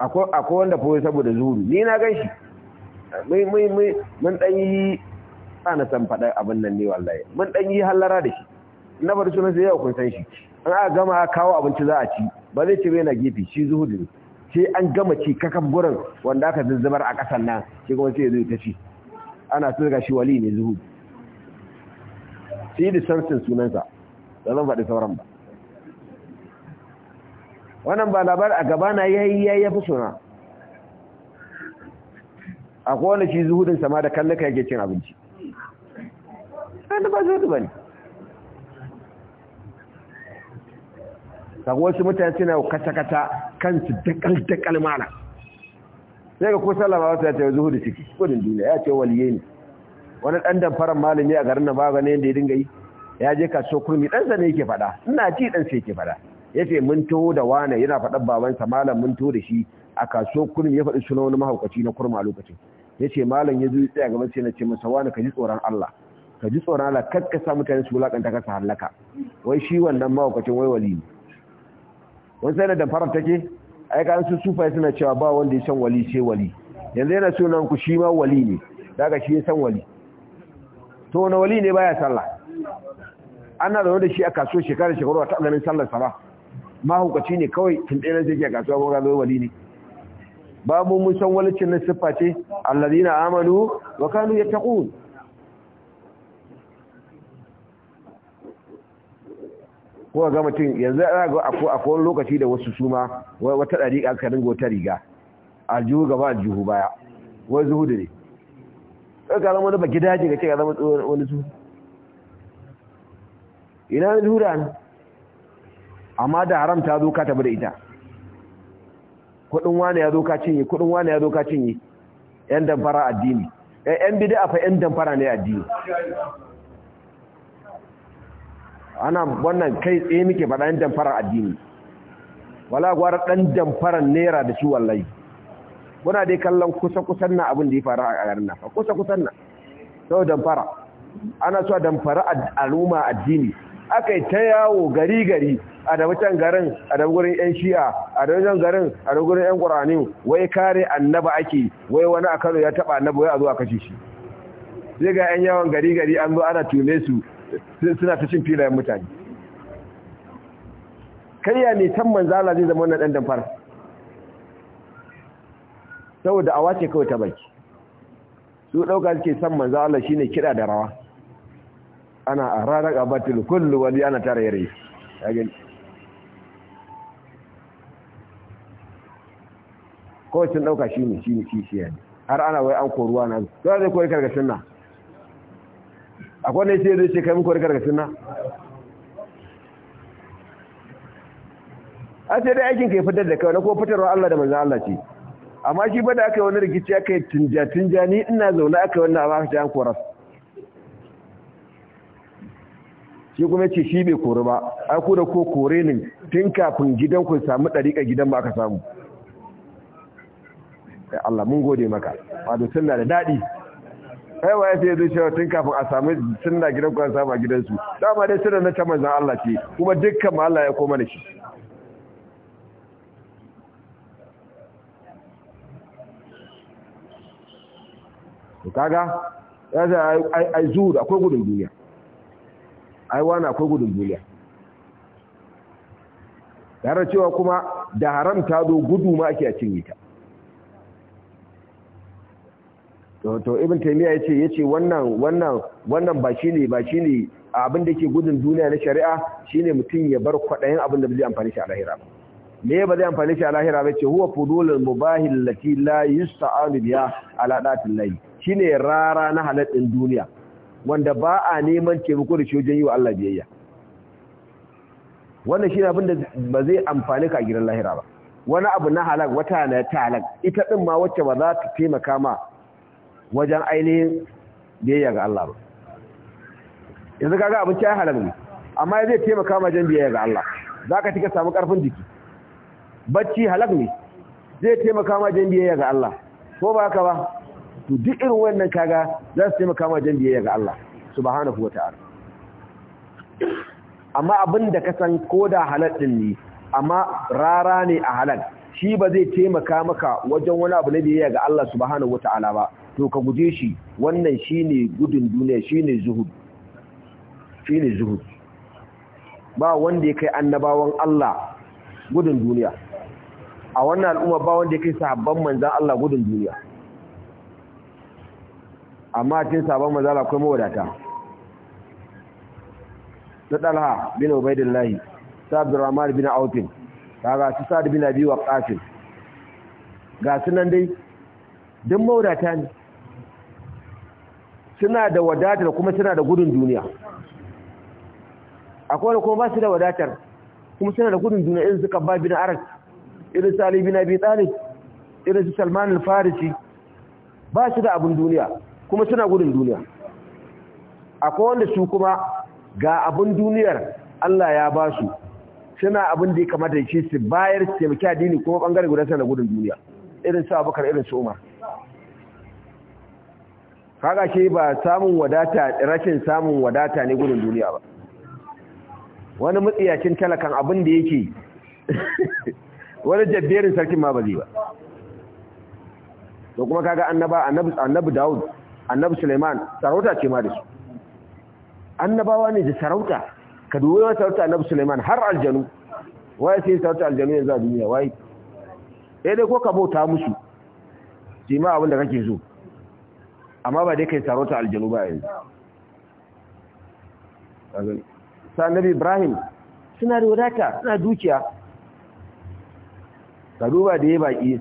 akwai wanda foye saboda zuhudu ni na gan shi mun ɗan yi na san faɗa abin nan ne wallahi mun ɗan yi hallara da shi na bari suna sai yau kun san shi an aka gama kawo abinci za a ci ba zai ce yana gefe shi zuhudu ne sai an gama ci kakan gurin wanda aka zazzabar a kasan nan shi kuma sai zai ta ci ana so ga shi wali ne zuhudu su yi da sunansa da zan faɗi sauran ba wannan ba labar a gaba ya yi ya yi fi suna a kowane shi zuhudin sama da kallaka yake cin abinci wanda ba zuhudu ba ne sako wasu mutane suna kata-kata kansu dakal-dakal mana sai ga kusa labar wata ya ce zuhudu ciki kudin duniya ya ce waliye ne wani ɗan damfaran malami a garin na ba ga da yadda ya dinga yi ya je kaso kurmi ɗansa ne yake faɗa ina ci ɗansa yake faɗa ya ce mun taho da wane yana faɗan babansa malam mun taho da shi a kaso kurmi ya faɗi suna wani mahaukaci na kurma a lokacin ya ce malam ya zo tsaya gaban sai na ce masa wane ka ji tsoron Allah ka ji tsoron Allah kar ka sa mutane su wulaƙanta ka sa hallaka wai shi wannan mahaukacin wai wali ne wani sai da damfarar take ai ka su sufaye suna cewa ba wanda ya san wali sai wali yanzu yana sunan ku shi ma wali ne daga shi ya san wali to wani wali ne baya sallah ana zaune da shi a kasuwa shekara shekaru a ta ganin sallar sara ba mahukaci ne kawai tunɗe na a kasuwa ko ga wali ne babu mun san walicin na siffa ce na amanu wa kanu ya taƙo ko ga mutum yanzu ya ga a wani lokaci da wasu suma wata ɗariƙa ka dingo ta riga aljihu gaba aljihu baya wai zuhudu ne ka zama wani baki daji ka ce ka zama wani su ina na lura ne amma da haram ta zo ka tabi da ita kudin wani ya zo ka cinye kudin wani ya zo ka cinye yan damfara addini eh, yan bid'a fa yan damfara ne addini ana wannan kai tsaye muke faɗa yan damfara addini wala gwara dan damfara naira da shi wallahi muna dai kallon kusa-kusan na abin da ya faru a garin nan kusa-kusan na sau damfara ana so damfara al'umma addini aka yi ta yawo gari-gari a da wancan garin a da wurin yan shi'a a da wancan garin a da wurin yan ƙwararri wai kare annaba ake wai wani a kano ya taɓa annaba wai a zo a kashe shi zai ga yan yawon gari-gari an zo ana tune su suna ta cin filayen mutane kariya ne san manzala zai zama wannan ɗan damfara saboda a wace kawai ta baki su ɗauka suke san manzo Allah shine kira da rawa ana a ranar abatul kullu wani ana tara yare kawai sun ɗauka shine shine shi ne har ana wai an koruwa na zuwa zai kori karkashin na akwai ne sai zai ce kai mun kori karkashin na a sai dai aikin ka ya fitar da kawai na ko fitarwa Allah da manzo Allah ce amma shi ba da aka yi wani rikici aka yi tunja-tunja ni ina zaune aka yi wannan amma aka ce an koras shi kuma ce shi bai kori ba ai ku da ko kore ne tun kafin gidan ku samu ɗariƙa gidan ba aka samu ya Allah mun gode maka da suna da daɗi kai waye sai zai shawar tun kafin a samu suna gidan ku an samu a gidansu dama dai suna na ta Allah ce kuma dukkan Allah ya koma da shi to kaga ya ce ai zuhud akwai gudun duniya ai wani akwai gudun duniya tare cewa kuma da haram ta zo gudu ma ake a cinye ta to ibn taymiya yace yace wannan wannan wannan ba shine ba shine abin da yake gudun duniya na shari'a shine mutum ya bar kwadayin abin da bai amfani shi a lahira ba me ba zai amfani shi a lahira ba ce huwa fudulul mubahil lati la yusta'anu biha ala datil layl Shi ne rara na halattun duniya wanda ba a neman taimako da shi wajen yi wa Allah biyayya wannan shine abin da ba zai amfani ka a gidan lahira ba wani abu na halak wata na ta halak ita ɗin ma wacce ba za ta taimaka ma wajen ainihin biyayya ga Allah ba yanzu kaga abinci ya halak ne amma zai taimaka ma wajen biyayya ga Allah za ka tika samu karfin jiki bacci halak ne zai taimaka ma wajen biyayya ga Allah ko ba haka ba to duk irin wannan kaga za su taimaka ma jan biyayya ga Allah subhanahu wata'ala amma abin da ka san koda halal din ne amma rara ne a halal shi ba zai taimaka maka wajen wani abu na biyayya ga Allah subhanahu wata'ala ba to ka guje shi wannan shine gudun duniya shine zuhud shine zuhud ba wanda ya kai annabawan Allah gudun duniya a wannan al'umma ba wanda ya kai sahabban manzan Allah gudun duniya amma cin sabon mazala kuma wadata na ɗalha bin lahi sa abdurrahman bin aufin ga su sa bin abiwa ƙafin ga sunan dai don mawadata ne suna da wadatar kuma suna da gudun duniya akwai wani kuma ba su da wadatar kuma suna da gudun duniya irin su kabba bin arak irin su na bin abi irin su salmanin farisi ba su da abin duniya kuma suna gudun duniya akwai wanda su kuma ga abin duniyar Allah ya ba su suna abin da ya kamata shi su bayar su taimaki addini kuma bangare guda suna gudun duniya irin su abokar irin su umar kaga shi ba samun wadata rashin samun wadata ne gudun duniya ba wani matsiyacin talakan abin da yake wani jabberin sarkin ma ba zai ba to kuma kaga annaba annabi annabi Dawud annabi Suleiman sarauta ce ma da su annabawa ne da sarauta ka duwe wa sarauta annabi Suleiman har aljanu waye sai sarauta aljanu yanzu a duniya waye sai eh dai ko ka bauta musu ji ma abin da kake so amma ba dai kai sarauta aljanu ba yanzu sa annabi Ibrahim suna da wadata suna dukiya ka duba da yayi baki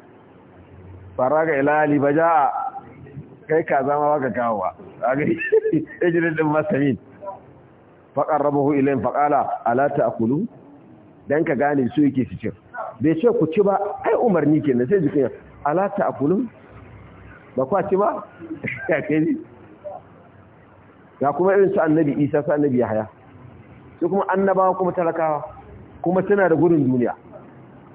ga ilali ba baja'a kai ka zama baka kawowa a gari ejirin din masamin faƙar rabahu ilayin faƙala alata a kulu don ka gane su yake su cin bai ce ku ci ba ai umarni ke na sai jikin ya alata a kulu ba kwa ci ba ya kai ya kuma irin su annabi isa su annabi yahaya su kuma annabawa kuma talakawa kuma tana da gudun duniya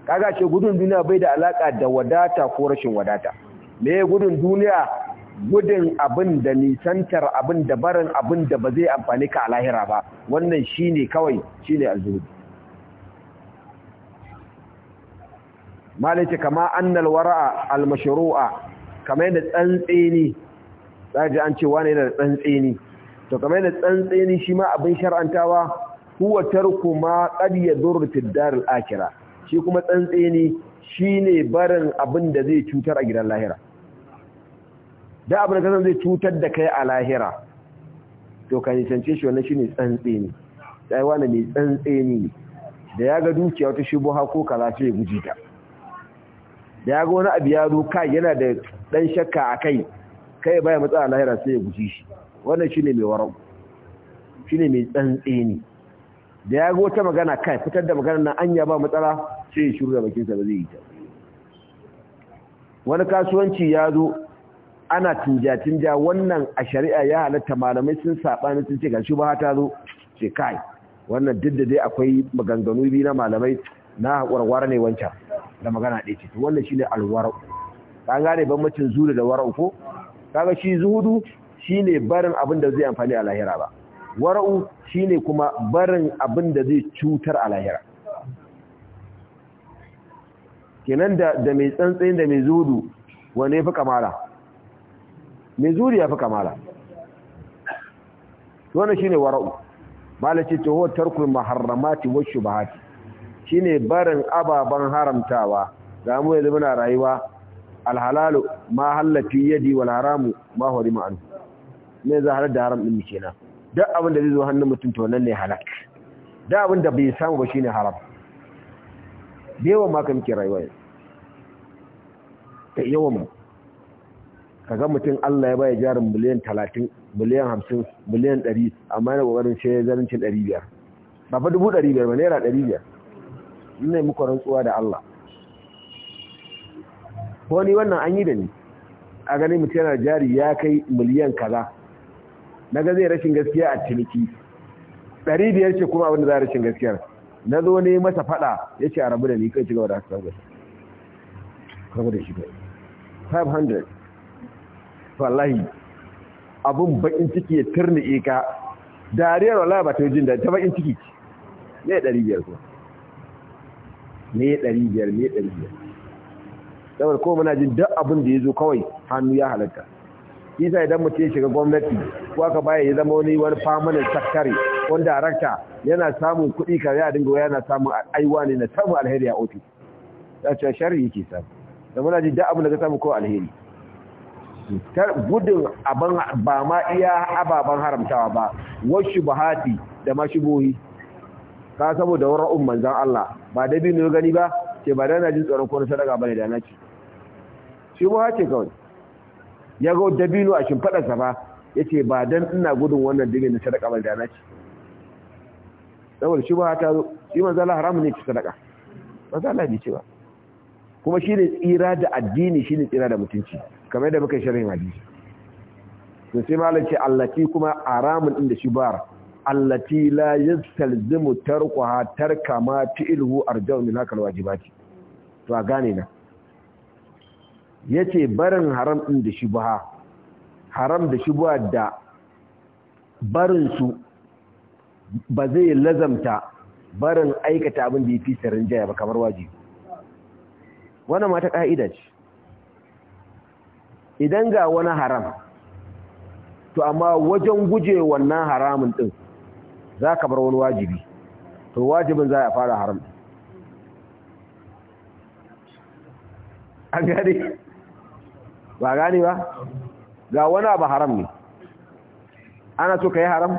kaga ce gudun duniya bai da alaka da wadata ko rashin wadata me gudun duniya gudun abin da nisantar abin da barin abin da ba zai amfani ka a lahira ba wannan shi ne kawai shi ne alzuhud malice kama annal wara'a almashru'a kamar yadda tsantseni zaji an ce wani da tsantseni to kamar yadda tsantseni shi ma abin shar'antawa huwa tarku ma qad yadurru fid dar al-akhirah shi kuma tsantseni shine barin abin da zai cutar a gidan lahira da abin da zai cutar da kai a lahira to ka nisance shi wannan shine ne sai wani mai ne. da ya ga dukiya wata shubuha ko kaza sai ya guji ta da ya ga wani abu ya zo kai yana da dan shakka a kai kai baya a lahira sai ya guji shi wannan shine mai warau shine mai ne da ya ga wata magana kai fitar da magana nan anya ba matsala sai ya shiru da bakin sa ba zai yi ta wani kasuwanci ya zo ana tunja-tunja wannan a shari'a ya halatta malamai sun saɓani sun ce ga shi ba ta zo ce kai wannan duk da dai akwai maganganu biyu na malamai na warware ne wancan da magana ɗaya ce wannan shine alwara'u ka gane bambancin zuri da wara'u ko kaga shi zuhudu shine barin abin da zai amfani a lahira ba wara'u shine kuma barin abin da zai cutar a lahira kenan da da mai tsantsayin da mai zuhudu wane fi kamala mai zuri ya fi kamala wannan shine wara'u malaci to huwa tarkul maharramati wa shubahati shine barin ababan haramtawa ga mu yanzu muna rayuwa alhalalu ma halati yadi wal haramu ma harima an me za halar da haram din mu kenan duk abin da zai zo hannun mutum to nan ne halak duk abin da bai samu ba shine haram da yawan ma kan ki rayuwa da yawan mu Ka ga mutum Allah ya bai jarin miliyan talatin, miliyan hamsin, miliyan ɗari, amma yana kokarin cin zarancin biyar. ba fa biyar ba naira biyar ina muku rantsuwa da Allah ko ni wannan an yi da ni a gani mutum yana jari ya kai miliyan kaza Na ga zai rashin gaskiya a ciniki biyar ce kuma abin da za rashin gaskiyar na zo ne masa fada ya ce a rabu da ni kai ci gaba da haka rabu da shi kai 500 wallahi abun bakin ciki ya turne ka dariyar wallahi ba ta jin da ta bakin ciki ne 500 ko ne 500 ne 500 saboda ko muna jin duk abun da yazo kawai hannu ya halatta isa idan mu ce shiga gwamnati ko aka baya ya zama wani wani permanent secretary ko director yana samun kuɗi ka ya dinga yana samun aiwa ne na samun alheri a office ya ce sharri yake samu da muna jin duk abun da ka samu ko alheri gudun abin ba ma iya ababen haramtawa ba wasu buhati da ma shubuhi ka saboda ra'un manzan Allah ba da binu gani ba ce ba yana jin tsoron kwanar sadaka bane da naci shubuha ce kawai ya ga dabino a shimfadarsa ba ya ce ba don ina gudun wannan dini na sadaka bane da naci saboda shubuha ta zo shi manzan Allah haramun ne ci sadaka manzan Allah bai ce ba kuma shi ne tsira da addini shi ne tsira da mutunci kamar da muka shirin hadisi to sai malam ce allati kuma aramun ɗin da shi bar allati la yastalzimu tarkuha tarka ma fi'luhu arja'u min hakal wajibati to a gane na yace barin haram inda da shubha haram da shi shubha da barin ba zai lazamta barin aikata abin da yafi sarin jaya ba kamar wajibi wannan mata ka'ida ce idan ga wani haram to amma wajen guje wannan haramun din za ka bar wani wajibi to wajibin za a fara haram a gari ba gani ba ga wani abu haram ne ana so ka yi haram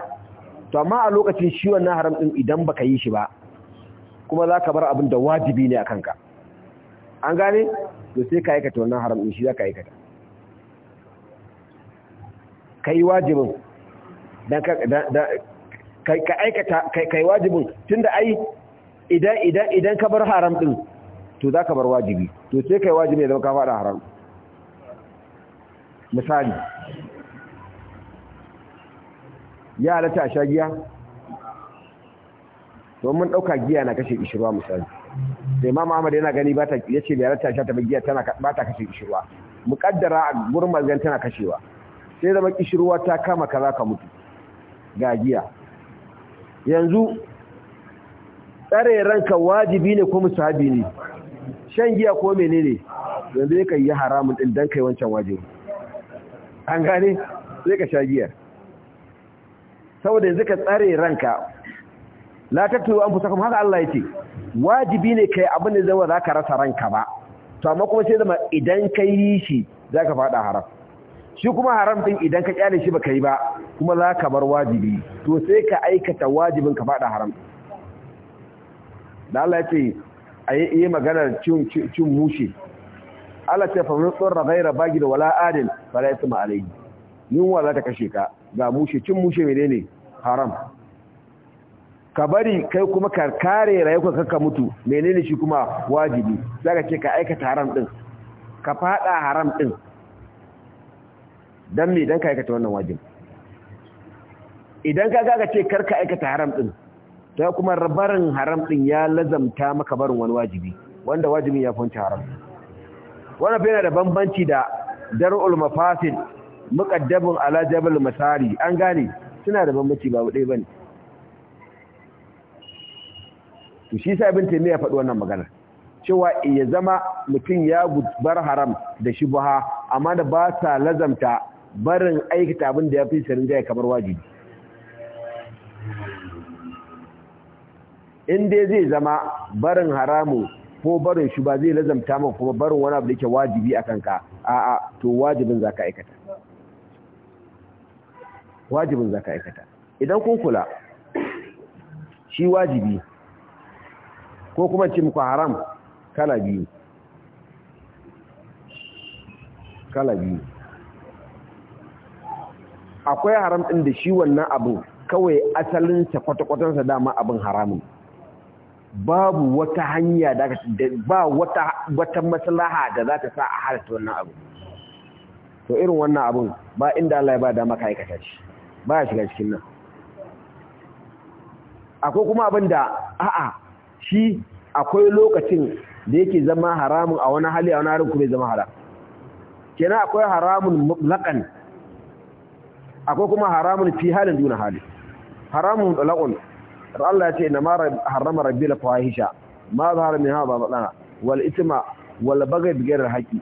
to amma a lokacin shi wannan haram din idan baka yi shi ba kuma za ka bar abin da wajibi ne a kanka an gane to sai ka aikata wannan haram din shi za ka aikata ka yi wajibin ka aikata kai wajibin tun ai idan ka bar haram ɗin to za ka bar wajibi to sai ka yi wajibi ya zama ka faɗa haram misali ya halatta a sha giya to mun ɗauka giya na kashe ƙishirwa misali sai ma Muhammad yana gani ba ta yace bai halatta a sha ta giya tana ba ta kashe ƙishirwa muƙaddara a gurin mazgan tana kashewa sai zama kishirwa ta kama ka za ka mutu ga giya yanzu tsare ranka wajibi ne ko musabi ne shan giya ko menene yanzu ya yi haramun din dan kai wancan wajibi an gane sai ka sha giyar saboda yanzu ka tsare ranka la tattu an fusa kuma haka Allah ya ce wajibi ne kai abin da zai za ka rasa ranka ba to amma kuma sai zama idan kai yi shi za ka faɗa haram shi kuma haram din idan ka kyale shi baka yi ba kuma za ka bar wajibi to sai ka aikata wajibin ka fada haram da Allah ya ce a yi maganar cin mushe Allah ta fa mun tsorra gaira bagi da wala adil fala yasma alayhi Yin wala ta kashe ka ga mushe cin mushe menene haram ka bari kai kuma ka kare ka kanka mutu menene shi kuma wajibi zaka ce ka aikata haram din ka fada haram din don me don ka aikata wannan wajin idan ka gaga ce karka aikata haram ɗin ta kuma barin haram ɗin ya lazamta maka barin wani wajibi wanda wajibin ya funci haram wannan yana da bambanci da dar'ul mafasid muqaddabun ala jabal masari an gane suna da bambanci ba wadai bane to shi sa ibn ya faɗi wannan magana cewa ya zama mutum ya bar haram da shubha amma da ba sa lazamta barin aikata abin da ya fi sanin jaya kamar wajibi in dai zai zama barin haramu ko barin shi ba zai lazamta ma kuma barin wani abu da yake wajibi a kanka a'a to wajibin za ka aikata wajibin za ka aikata idan kun kula shi wajibi ko kuma ce muku haram kala biyu kala biyu akwai haram ɗin da shi wannan abu kawai asalinsa kwata-kwatansa dama abin haramun babu wata hanya da ba wata wata maslaha da za ta sa a halatta wannan abu to irin wannan abun ba inda Allah ya ba dama ka aikata shi ba ya shiga cikin nan akwai kuma abin da a'a shi akwai lokacin da yake zama haramun a wani hali a wani harin kuma zama haram kenan akwai haramun mutlaqan akwai kuma haramun fi halin duna hali haramun dalakun Allah ya ce inna mara harama rabbi la fahisha ma har min hadha batana wal itma wal baghy bi ghayri haqi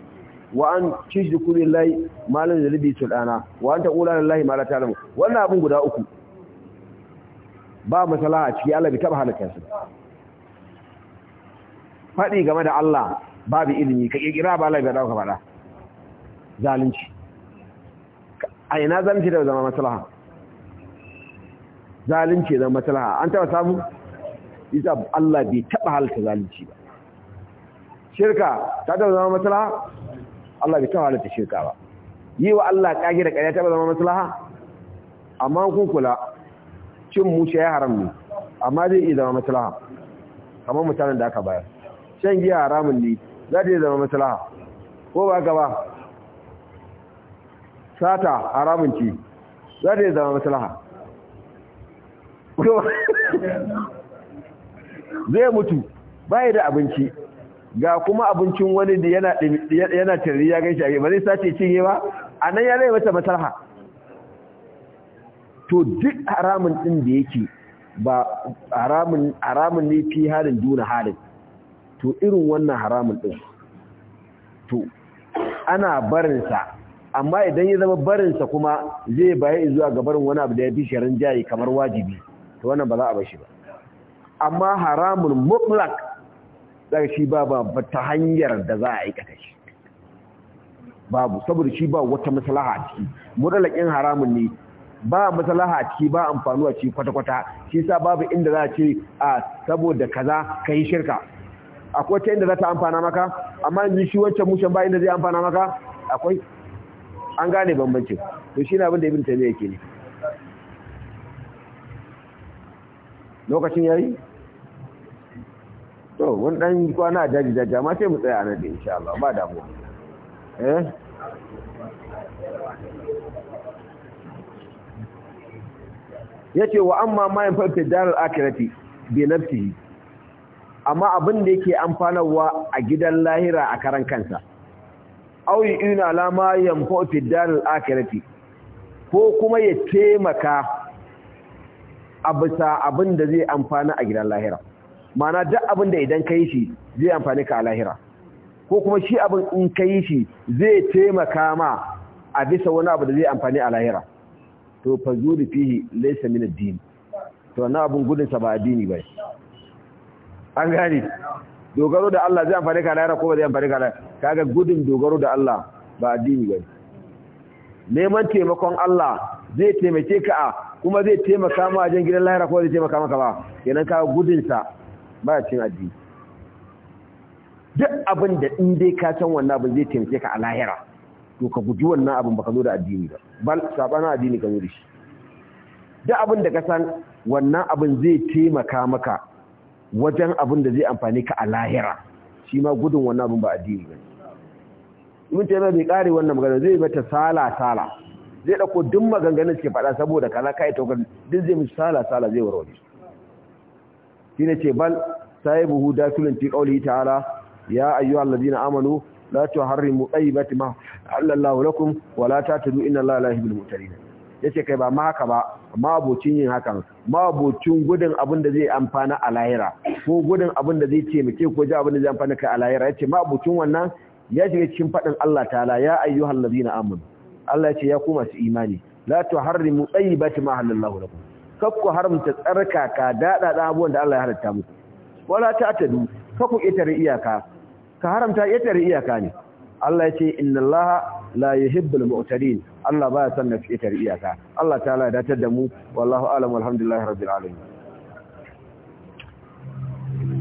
wa an tushriku billahi malan zalibi yulbi sulana wa an taqula lillahi ma la ta'lamu wannan abun guda uku ba masala a ciki Allah bai taba halaka su faɗi game da Allah babu ilimi ka kirkira ba Allah ya dauka faɗa zalunci a ina zalunci da zama maslaha zalunci zama maslaha an taba samu isa Allah bai taba halatta zalunci ba shirka ta taba zama maslaha Allah bai taba halatta shirka ba yi wa Allah kage da ƙarya taba zama maslaha amma kun kula cin mushe ya haram ne amma zai iya zama maslaha kamar mutanen da aka bayar shan giya haramun ne za ta iya zama maslaha ko ba gaba sata haramun ci za ta yi zama maslaha zai mutu baya da abinci ga kuma abincin wani da yana tarri ya gan shi ba zai sace cinye ba a nan ya zai mata maslaha to duk haramun din da yake ba haramun haramun ne fi halin duna halin to irin wannan haramun din to ana barinsa amma idan ya zama barinsa kuma zai baya zuwa ga barin wani abu da ya fi sharin jayi kamar wajibi to wannan ba za a bashi ba amma haramun mutlak daga shi ba ba ta hanyar da za a aikata shi babu saboda shi ba wata maslaha a ciki mutlaqin haramun ne ba maslaha a ciki ba amfani a ciki kwata-kwata shi sa babu inda za a ce a saboda kaza ka yi shirka akwai ta inda za ta amfana maka amma yanzu shi wancan mushen ba inda zai amfana maka akwai an gane bambancin to shi ne abin da ibn taymiya yake ne lokacin yayi to wani dan kwana daji da amma sai mu tsaya a nan da insha Allah ba damuwa eh yace wa amma ma yan fafi daral akhirati bi nafsihi amma abin da yake amfanarwa a gidan lahira a karan kansa auyi ina alama yamfa fi daril akhirati ko kuma ya taimaka a bisa abin da zai amfana a gidan lahira mana duk abin da idan ka yi shi zai amfani ka a lahira ko kuma shi abin in ka yi shi zai taimaka ma a bisa wani abu da zai amfani a lahira to fa zuri fihi laysa min ad-din to wannan abin gudun sa ba addini ba an gane dogaro da Allah zai amfani ka lahira ko ba zai amfani ka lahira kaga gudun dogaro da Allah ba addini ba neman taimakon Allah zai taimake ka a kuma zai taimaka ma wajen gidan lahira ko zai taimaka maka ba kenan ka gudun sa ba cin addini duk abin da in dai ka san wannan abin zai taimake ka a lahira to ka guji wannan abin baka zo da addini ba bal sabana addini ka zo da shi duk abin da ka san wannan abin zai taimaka maka wajen abin da zai amfani ka a lahira shi ma gudun wannan abin ba addini ba Mun taymiya bai kare wannan magana zai mata sala sala zai dauko duk maganganun suke faɗa saboda kala kai to duk zai mishi sala sala zai warware shi ne ce bal sahibuhu dakilun fi qawlihi ta'ala ya ayyuhal ladina amanu la tuharrimu tayyibati ma allahu lakum wa la tatadu inna allaha la yuhibbul mutarin yace kai ba ma haka ba amma abocin yin hakan mabocin gudun abin da zai amfana a lahira ko gudun abin da zai taimake ko ji abin da zai amfana ka a lahira yace mabocin wannan ya shiga cikin fadin Allah ta'ala ya ayyuhal ladina amanu Allah yace ya koma su imani la tuharrimu tayyibati ma halallahu lakum kakku haramta ka dada da abubuwan da Allah ya halatta muku wala ta'tadu kakku itare iyaka ka haramta itare iyaka ne Allah ya ce inna Allah la yuhibbul mu'tadin Allah baya son na fitar iyaka Allah ta ya da mu wallahu a'lam walhamdulillahi rabbil alamin